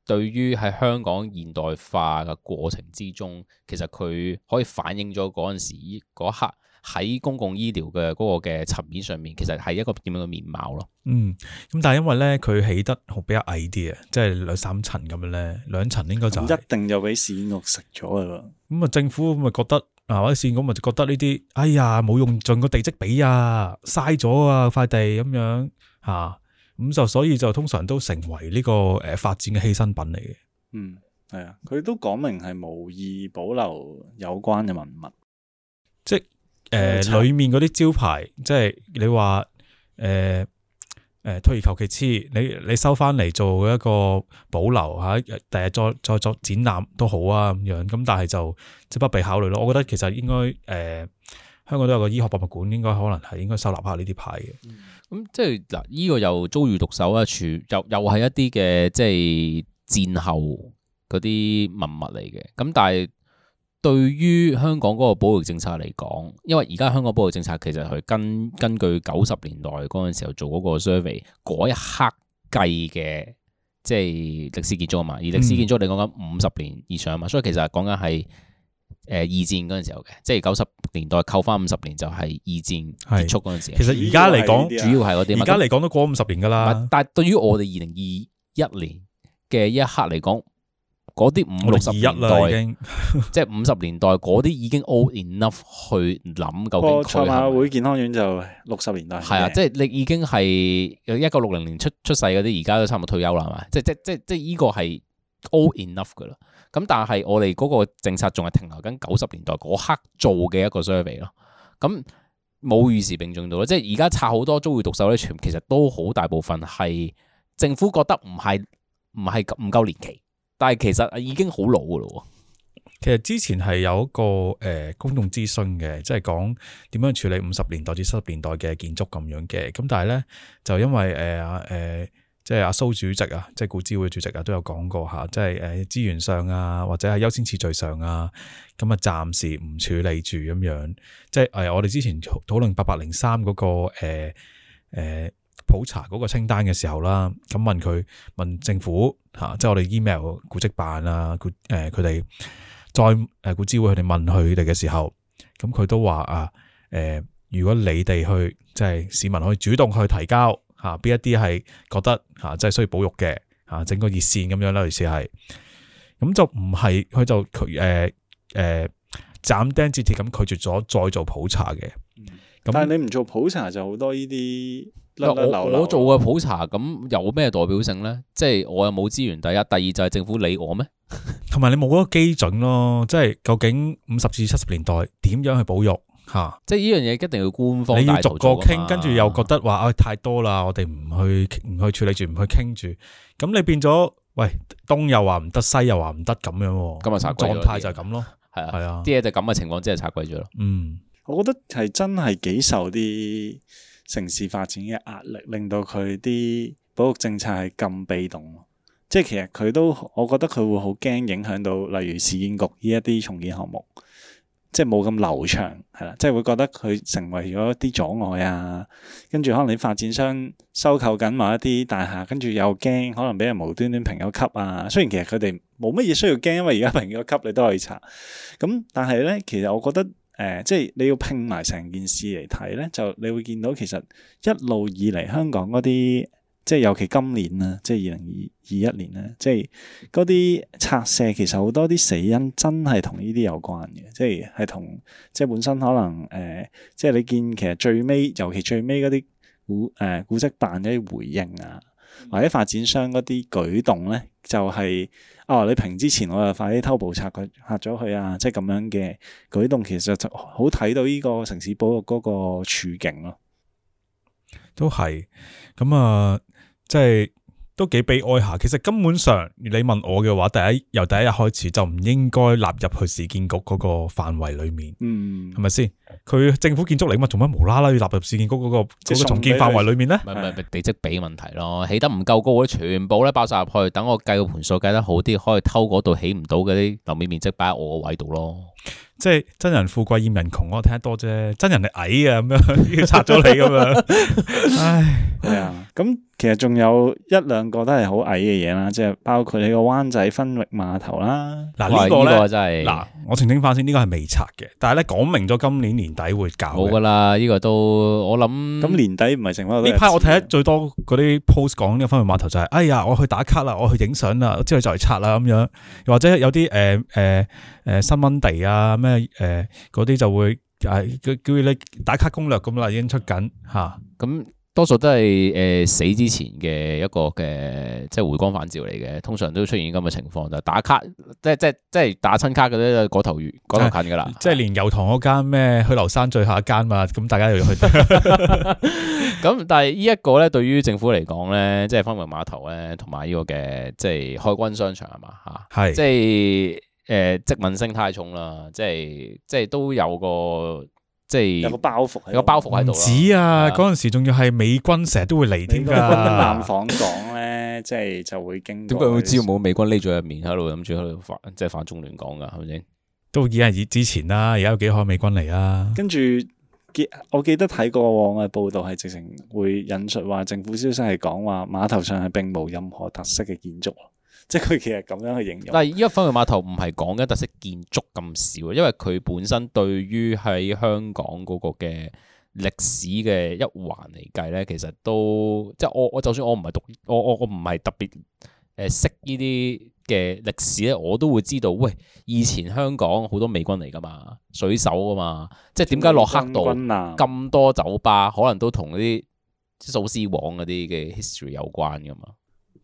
對於喺香港現代化嘅過程之中，其實佢可以反映咗嗰陣時、嗰刻喺公共醫療嘅嗰個嘅層面上面，其實係一個點樣嘅面貌咯。嗯，咁但係因為咧，佢起得比較矮啲啊，即係兩三層咁樣咧，兩層應該就係嗯、一定就俾市局食咗啦。咁啊，政府咪覺得啊，或者市局咁咪就覺得呢啲，哎呀，冇用盡個地積比啊，嘥咗啊塊地咁樣嚇。啊咁就所以就通常都成為呢個誒發展嘅犧牲品嚟嘅。嗯，係啊，佢都講明係無意保留有關嘅文物，即係誒、呃、冇錯，裏面嗰啲招牌，即係你話誒誒，退而求其次，你你收翻嚟做一個保留吓，第、啊、日再再作展覽都好啊咁樣。咁但係就即係不被考慮咯。我覺得其實應該誒。呃香港都有個醫學博物館，應該可能係應該收納下呢啲牌嘅、嗯。咁、嗯、即係嗱，依、這個又遭遇毒手啊！處又又係一啲嘅即係戰後嗰啲文物嚟嘅。咁但係對於香港嗰個保育政策嚟講，因為而家香港保育政策其實係根根據九十年代嗰陣時候做嗰個 survey 嗰一刻計嘅，即係歷史建築啊嘛。而歷史建築你哋講緊五十年以上啊嘛，嗯、所以其實講緊係。誒二戰嗰陣時候嘅，即係九十年代，扣翻五十年就係二戰結束嗰陣時。其實而家嚟講，主要係嗰啲。而家嚟講都過五十年噶啦。但係對於我哋二零二一年嘅一刻嚟講，嗰啲五六十年代，即係五十年代嗰啲已經 old enough 去諗究竟是是。個賽馬會健康院就六十年代。係啊，即係你已經係一九六零年出出世嗰啲，而家都差唔多退休啦，係嘛？即即即即依個係 old enough 噶啦。咁但係我哋嗰個政策仲係停留緊九十年代嗰刻做嘅一個 survey 咯，咁冇與時並進到，即係而家拆好多租戶獨秀咧，全其實都好大部分係政府覺得唔係唔係唔夠年期，但係其實已經好老噶咯。其實之前係有一個誒、呃、公眾諮詢嘅，即係講點樣處理五十年代至七十年代嘅建築咁樣嘅，咁但係咧就因為誒誒。呃呃即係阿蘇主席啊，即係古諮會主席啊，都有講過吓，即係誒資源上啊，或者係優先次序上啊，咁啊暫時唔處理住咁樣。即係誒，我哋之前討論八八零三嗰個誒誒、呃、普查嗰個清單嘅時候啦，咁問佢問政府吓，即係我哋 email、呃、古蹟辦啊，佢誒佢哋再誒古諮會佢哋問佢哋嘅時候，咁佢都話啊誒，如果你哋去即係市民可以主動去提交。吓，邊一啲係覺得嚇，即係需要保育嘅，嚇整個熱線咁樣啦，類似係，咁就唔係佢就佢誒誒斬釘截鐵咁拒絕咗再做普查嘅。咁但係你唔做普查就好多呢啲流流流我做個普查咁有咩代表性咧？即係我又冇資源第一，第二就係政府理我咩？同埋 *laughs* 你冇個基準咯，即係究竟五十至七十年代點樣去保育？吓，即係呢樣嘢一定要官方你要逐個傾，跟住又覺得話，唉，太多啦，我哋唔去唔去處理住，唔去傾住，咁你變咗，喂，東又話唔得，西又話唔得，咁樣，咁咪拆鬼咗，狀態就係咁咯，係啊，係啊，啲嘢就咁嘅情況，即係拆鬼咗咯。嗯，我覺得係真係幾受啲城市發展嘅壓力，令到佢啲保育政策係咁被動，即係其實佢都，我覺得佢會好驚影響到，例如市建局呢一啲重建項目。即係冇咁流暢，係啦，即係會覺得佢成為咗一啲阻礙啊。跟住可能你發展商收購緊某一啲大廈，跟住又驚可能俾人無端端評級啊。雖然其實佢哋冇乜嘢需要驚，因為而家評級你都可以查。咁但係咧，其實我覺得誒、呃，即係你要拼埋成件事嚟睇咧，就你會見到其實一路以嚟香港嗰啲。即係尤其今年啊，即係二零二二一年咧，即係嗰啲拆卸，其實好多啲死因真係同呢啲有關嘅，即係係同即係本身可能誒、呃，即係你見其實最尾，尤其最尾嗰啲古誒古蹟辦嗰啲回應啊，或者發展商嗰啲舉動咧，就係、是、哦，你評之前我又快啲偷步拆佢吓咗佢啊，即係咁樣嘅舉動，其實就好睇到呢個城市保育嗰個處境咯。都係，咁啊。即係都幾悲哀下，其實根本上，你問我嘅話，第一由第一日開始就唔應該納入去市建局嗰個範圍裏面，係咪先？佢政府建築嚟噶嘛，做乜無啦啦要納入市建局嗰個重建範圍裏面咧？唔係唔係地積比問題咯，起得唔夠高，全部咧包晒入去，等我計個盤數計得好啲，可以偷嗰度起唔到嗰啲樓面面積擺喺我個位度咯。即係真人富貴，厭人窮，我聽得多啫。真人係矮啊，咁樣要拆咗你咁樣。唉，係啊，咁。其實仲有一兩個都係好矮嘅嘢啦，即係包括你個灣仔分域碼頭啦。嗱、啊這個、呢個咧，嗱、啊、我澄清翻先，呢、這個係未拆嘅，但係咧講明咗今年年底會搞嘅啦。呢、這個都我諗咁年底唔係成翻呢 part。我睇得最多嗰啲 post 講呢個分域碼頭就係、是，哎呀，我去打卡啦，我去影相啦，之後就嚟拆啦咁樣，或者有啲誒誒誒新灣地啊咩誒嗰啲就會誒、啊、叫叫你打卡攻略咁啦，已經出緊吓咁。啊多數都係誒死之前嘅一個嘅即係回光返照嚟嘅，通常都出現咁嘅情況就打卡，即係即係即係打親卡嘅咧，就過頭頭近噶啦、啊，即係連油塘嗰間咩去流山最後一間嘛，咁大家又要去。咁但係呢一個咧，對於政府嚟講咧，即係分域碼頭咧，同埋呢個嘅即係海軍商場係嘛吓，係即係誒積民聲太重啦，即係即係都有個。即係有個包袱，有個包袱喺度啦。子啊，嗰陣的時仲要係美軍，成日都會嚟添噶。 *laughs* 南訪港咧， *laughs* 即係就會經過。點解會知冇美軍匿咗入面，喺度諗住喺度反，即係反中亂港噶，係咪先？都已家以之前啦，而家有幾何美軍嚟啦。跟住記，我記得睇過往嘅報道係直情會引述話，政府消息係講話碼頭上係並冇任何特色嘅建築。嗯嗯即係佢其實咁樣去形容。但係依家分域碼頭唔係講緊特色建築咁少，因為佢本身對於喺香港嗰個嘅歷史嘅一環嚟計咧，其實都即係我我就算我唔係讀，我我我唔係特別誒識呢啲嘅歷史咧，我都會知道，喂，以前香港好多美軍嚟㗎嘛，水手㗎嘛，即係點解駱克道咁多酒吧，軍軍啊、可能都同嗰啲蘇絲黃嗰啲嘅 history 有關㗎嘛？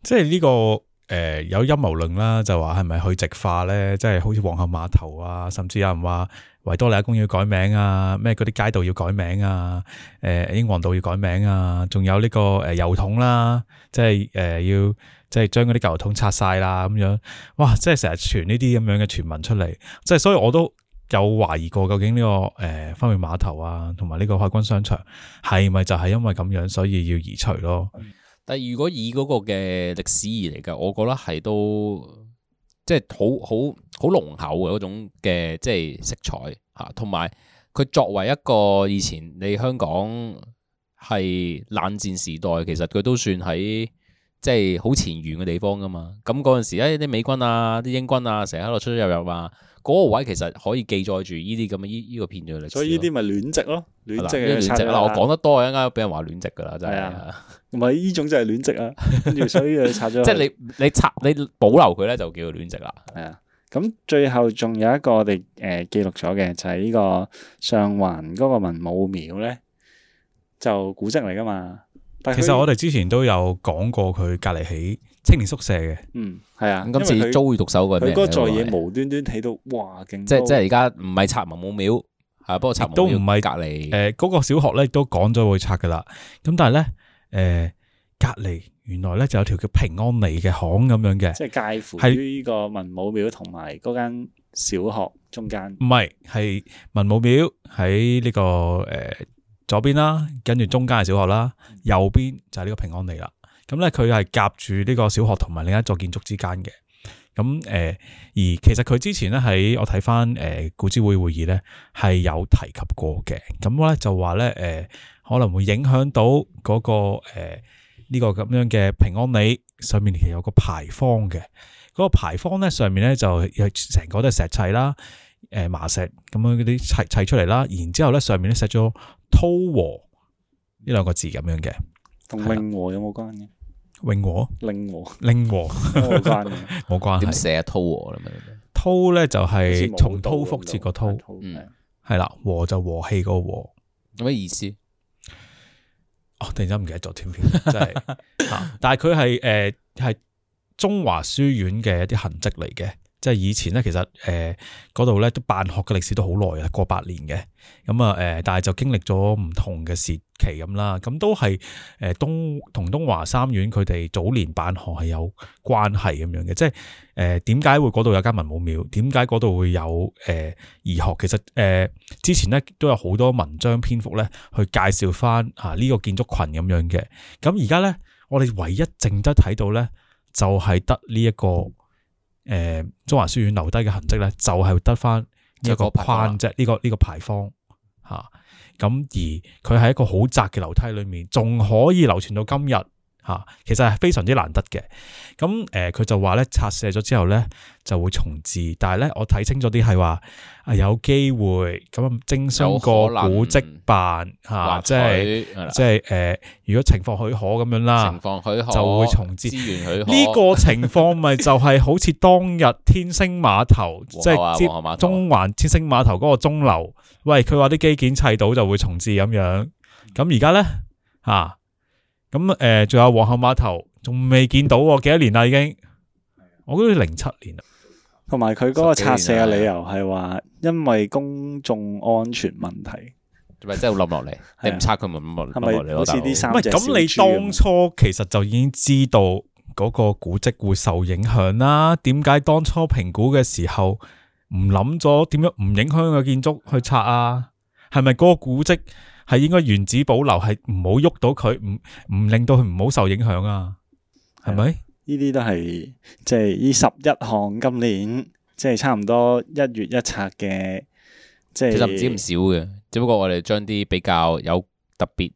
即係、這、呢個。誒、呃，有陰謀論啦，就話係咪去殖化咧？即係好似皇后碼頭啊，甚至有人話維多利亞公園要改名啊，咩嗰啲街道要改名啊，誒、呃，英皇道要改名啊，仲有呢、這個誒、呃、郵筒啦，即係誒要即係將嗰啲舊郵筒拆晒啦，咁樣，哇！即係成日傳呢啲咁樣嘅傳聞出嚟，即係所以我都有懷疑過究竟呢、這個誒、呃、分域碼頭啊，同埋呢個海軍商場係咪就係因為咁樣，所以要移除咯？嗯但如果以嗰個嘅歷史而嚟嘅，我覺得係都即係好好好濃厚嘅嗰種嘅即係色彩吓，同埋佢作為一個以前你香港係冷戰時代，其實佢都算喺，即係好前沿嘅地方噶嘛，咁嗰陣時咧啲、哎、美軍啊、啲英軍啊，成日喺度出出入入話、啊，嗰、嗰個位其實可以記載住呢啲咁嘅呢呢個片段嚟、啊，所以呢啲咪戀殖咯，戀殖籍啊！戀殖啦！我講得多啊，一陣俾人話戀殖噶啦，真係，唔係呢種就係戀殖啊，跟住所以拆咗。即係你你拆你保留佢咧，就叫戀殖啦。係啊，咁最後仲有一個我哋誒記錄咗嘅，就係、是、呢個上環嗰個文武廟咧，就是、古蹟嚟噶嘛。其實我哋之前都有講過佢隔籬起青年宿舍嘅，嗯，係啊，今次遭遇毒手個咩嚟嘅？佢嗰座嘢無端端起到，哇，勁！即即係而家唔係拆文武廟，啊，不過拆都唔係隔籬。誒，嗰個小學咧亦都講咗會拆噶啦。咁但係咧，誒，隔籬原來咧就有條叫平安里嘅巷咁樣嘅，即係介乎喺呢個文武廟同埋嗰間小學中間。唔係，係文武廟喺呢個誒。左邊啦，跟住中間係小學啦，右邊就係呢個平安里啦。咁咧佢係夾住呢個小學同埋另一座建築之間嘅。咁、嗯、誒、呃，而其實佢之前咧喺我睇返誒古諮會會議咧，係有提及過嘅。咁、嗯、咧就話咧誒，可能會影響到嗰、那個呢、呃這個咁樣嘅平安里上面其實有個牌坊嘅。嗰、那個牌坊咧上面咧就成個都係石砌啦，誒、啊、麻石咁樣嗰啲砌砌出嚟啦。然之後咧上面咧寫咗。「滔和呢兩個字咁樣嘅，同永和有冇關嘅、啊？永和，令和，令和冇關嘅，冇 *laughs* 關係。點寫啊？韜和啦嘛？滔」咧就係從韜福切個韜，係啦，和就和氣個和，有咩意思？ *laughs* 哦，突然間唔記得咗添，真係。 *laughs* 但係佢係誒係中華書院嘅一啲痕迹嚟嘅。即係以前咧，其實誒嗰度咧都辦學嘅歷史都好耐啊，過百年嘅。咁啊誒，但係就經歷咗唔同嘅時期咁啦。咁都係誒東同東華三院佢哋早年辦學係有關係咁樣嘅。即係誒點解會嗰度有間文武廟？點解嗰度會有誒義學？其實誒之前咧都有好多文章篇幅咧去介紹返啊呢個建築群咁樣嘅。咁而家咧我哋唯一淨得睇到咧就係得呢一個。誒中華書院留低嘅痕跡咧，就係得翻呢個框啫，呢個呢個牌坊嚇。咁而佢喺一個好窄嘅樓梯裏面，仲可以流傳到今日，吓，其實係非常之難得嘅。咁、嗯、誒，佢、呃、就話咧拆卸咗之後咧就會重置，但係咧我睇清楚啲係話係有機會咁啊，徵詢過古蹟辦吓，即係即係誒，如果情況許可咁樣啦，情況許可，可就會重置資源許可呢個情況咪就係好似當日天星碼頭，即係接中環天星碼頭嗰個鐘樓，喂佢話啲機件砌到就會重置咁樣，咁而家咧吓。啊啊咁誒，仲有皇后碼頭，仲未見到，幾多年啦？已經，我覺得係零七年啦。同埋佢嗰個拆卸嘅理由係話，因為公眾安全問題，咪真係冧落嚟？你唔拆佢咪唔會冧落嚟？係咪好似啲咁，你當初其實就已經知道嗰個古蹟會受影響啦。點解 *laughs* 當初評估嘅時候唔諗咗點樣唔影響個建築去拆啊？係咪嗰個古蹟？係應該原址保留，係唔好喐到佢，唔唔令到佢唔好受影響啊？係咪的？呢啲都係即係呢十一項今年即係、就是、差唔多一月一拆嘅，即、就、係、是、其實唔止唔少嘅，只不過我哋將啲比較有特別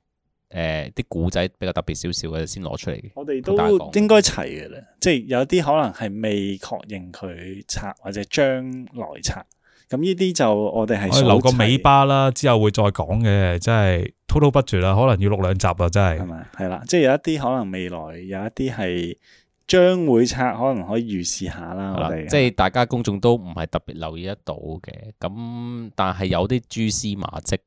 誒啲古仔比較特別少少嘅先攞出嚟。我哋們都應該齊嘅啦，即係有啲可能係未確認佢拆或者將來拆。咁呢啲就我哋係留個尾巴啦，之後會再講嘅，嗯、真係滔滔不絕啦，可能要錄兩集啊，真係。係咪？係啦，即係有一啲可能未來有一啲係將會拆，可能可以預示下啦。吧即係大家公眾都唔係特別留意得到嘅，咁但係有啲蛛絲馬跡，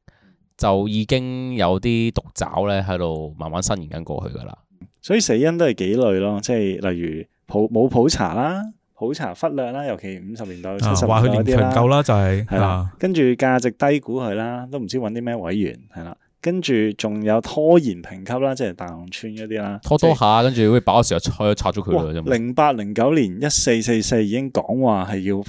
就已經有啲毒爪咧喺度慢慢伸延緊過去㗎啦。所以死因都係幾類咯，即係例如普冇普查啦。普查忽略啦，尤其五十年代、七十年代嗰啲啦，群群就係係啦。跟住價值低估佢啦，都唔知揾啲咩委員係啦、啊。跟住仲有拖延評級啦，即係大浪村嗰啲啦，拖拖下跟住會把嗰時候拆咗拆咗佢啦。零八零九年一四四四已經講話係要誒，即、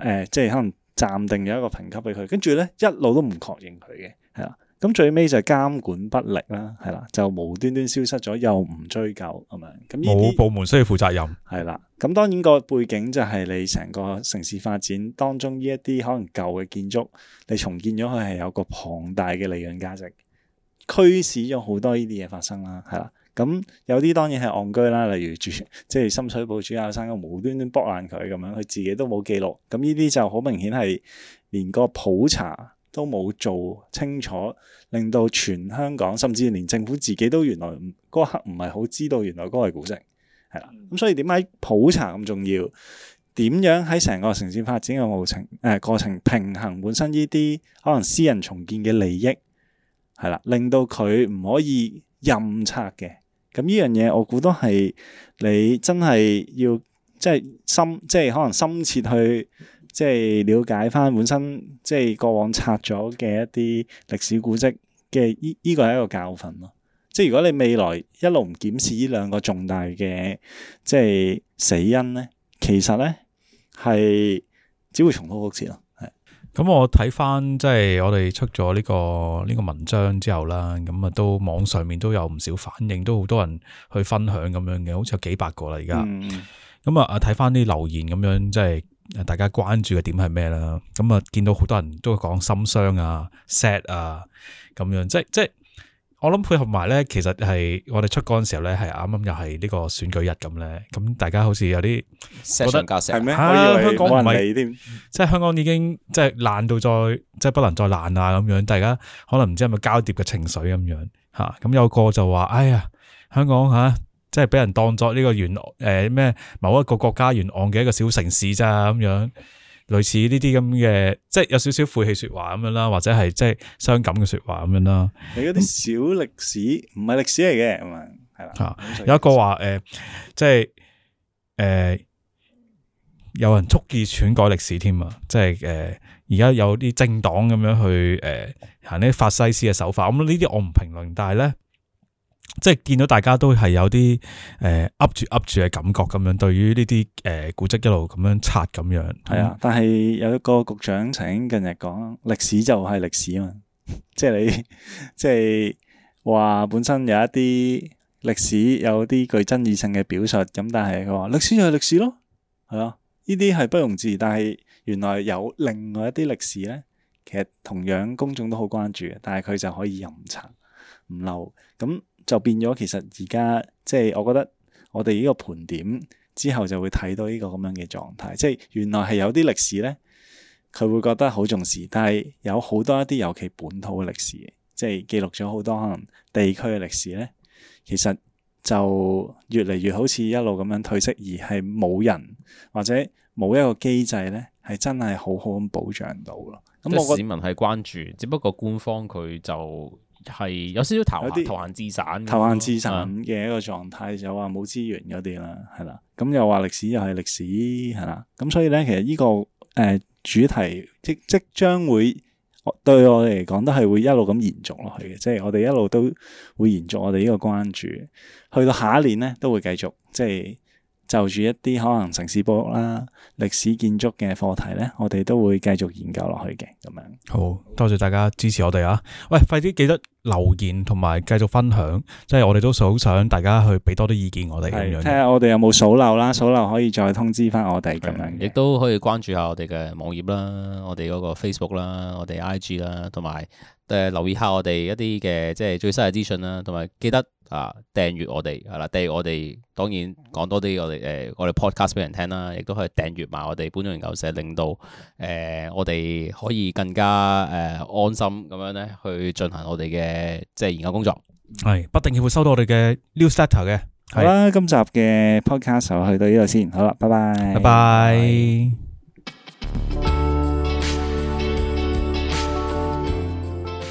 呃、係、就是、可能暫定嘅一個評級俾佢，跟住咧一路都唔確認佢嘅係啦。咁最尾就係監管不力啦，係啦，就無端端消失咗，又唔追究咁樣。冇部門需要負責任。係啦，咁當然個背景就係你成個城市發展當中，呢一啲可能舊嘅建築，你重建咗佢係有個龐大嘅利潤價值，驅使咗好多呢啲嘢發生啦。係啦，咁有啲當然係戇居啦，例如住即係深水埗主教山咁無端端卜爛佢咁樣，佢自己都冇記錄。咁呢啲就好明顯係連個普查，都冇做清楚，令到全香港，甚至連政府自己都原來嗰刻唔係好知道，原來嗰係古蹟，係啦。咁、嗯、所以點解普查咁重要？點樣喺成個城市發展嘅過程誒、呃、過程平衡本身呢啲可能私人重建嘅利益係啦，令到佢唔可以任拆嘅。咁呢樣嘢我估都係，你真係要即係深，即係可能深切去。即係了解翻本身，即係過往拆咗嘅一啲歷史古蹟嘅依依個係一個教訓咯。即係如果你未來一路唔檢視呢兩個重大嘅即係死因咧，其實咧係只會重蹈覆轍咯。咁我睇翻即係我哋出咗呢個呢個文章之後啦，咁啊都網上面都有唔少反應，都好多人去分享咁樣嘅，好似有幾百個啦而家。咁啊啊睇翻啲留言咁樣即係。大家關注嘅點係咩啦？咁啊，見到好多人都會講心傷啊、sad 啊咁樣，即係即係我諗配合埋咧，其實係我哋出歌嘅時候咧，係啱啱又係呢個選舉日咁咧，咁大家好似有啲覺得係咩？係香港唔係，即係香港已經即係爛到再即係不能再爛啊咁樣，大家可能唔知係咪交疊嘅情緒咁樣嚇，咁、啊、有個就話：哎呀，香港嚇！啊即係俾人當作呢個沿岸誒咩某一個國家沿岸嘅一個小城市咋咁樣，類似呢啲咁嘅，即係有少少晦氣說話咁樣啦，或者係即係傷感嘅說話咁樣啦。你嗰啲小歷史唔係歷史嚟嘅，係嘛？吓，有一個話誒、呃，即係誒、呃，有人蓄意篡改歷史添啊！即係誒，而、呃、家有啲政黨咁樣去誒、呃、行呢啲法西斯嘅手法，咁呢啲我唔評論，但係咧。即係見到大家都係有啲誒噏住噏住嘅感覺咁樣，對於呢啲誒古蹟一路咁樣拆咁樣，係、嗯、啊。但係有一個局長曾經，近日講，歷史就係歷史嘛，即係你即係話本身有一啲歷史有啲具爭議性嘅表述，咁但係佢話歷史就係歷史咯，係啊。呢啲係不容置疑，但係原來有另外一啲歷史咧，其實同樣公眾都好關注嘅，但係佢就可以任拆唔漏咁。嗯嗯嗯嗯嗯嗯嗯就變咗，其實而家即係我覺得，我哋呢個盤點之後就會睇到呢個咁樣嘅狀態。即係原來係有啲歷史咧，佢會覺得好重視，但係有好多一啲尤其本土嘅歷史，即係記錄咗好多可能地區嘅歷史咧，其實就越嚟越好似一路咁樣退色，而係冇人或者冇一個機制咧，係真係好好咁保障到咯。噉我市民係關注，只不過官方佢就。係有少少投行投行，自散，些投行自散嘅一個狀態，吧就話冇資源嗰啲啦，係啦。咁又話歷史又係歷史，係啦。咁所以咧，其實呢、這個誒、呃、主題即即將會對我哋嚟講都係會一路咁延續落去嘅，即、就、係、是、我哋一路都會延續我哋呢個關注，去到下一年咧都會繼續即係。就住一啲可能城市佈屋啦、歷史建築嘅課題呢，我哋都會繼續研究落去嘅咁樣。好多謝大家支持我哋啊！喂，快啲記得留言同埋繼續分享，即係我哋都好想大家去俾多啲意見我哋睇下我哋有冇數漏啦，數漏可以再通知翻我哋咁樣。亦、嗯、都可以關注下我哋嘅網頁啦，我哋嗰個 Facebook 啦，我哋 IG 啦，同埋。誒、呃，留意下我哋一啲嘅即係最新嘅資訊啦，同埋記得啊訂閱我哋係啦，訂閱我哋當然講多啲我哋誒、呃、我哋 podcast 俾人聽啦，亦、啊、都可以訂閱埋我哋本土研究社，令到誒我哋可以更加誒、呃、安心咁樣咧去進行我哋嘅即係研究工作。係，不定期會收到我哋嘅 newsletter 嘅。好啦，今集嘅 podcast 就去到呢度先，好啦，拜拜，拜拜。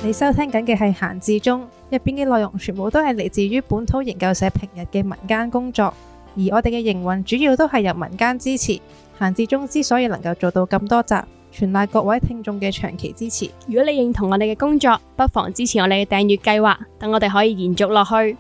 你收聽緊嘅係閒置中，入邊嘅內容全部都係嚟自於本土研究社平日嘅民間工作，而我哋嘅營運主要都係由民間支持。閒置中之所以能夠做到咁多集，全賴各位聽眾嘅長期支持。如果你認同我哋嘅工作，不妨支持我哋嘅訂閱計劃，等我哋可以延續落去。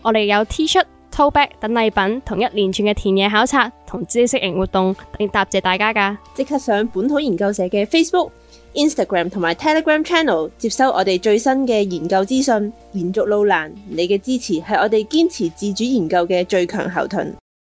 我哋有 T-shirt、Tote Bag 等禮品，同一連串嘅田野考察同知識型活動，嚟答謝大家噶。即刻上本土研究社嘅 Facebook。Instagram 同埋 Telegram Channel 接收我哋最新嘅研究資訊，延續路難，你嘅支持係我哋堅持自主研究嘅最強後盾。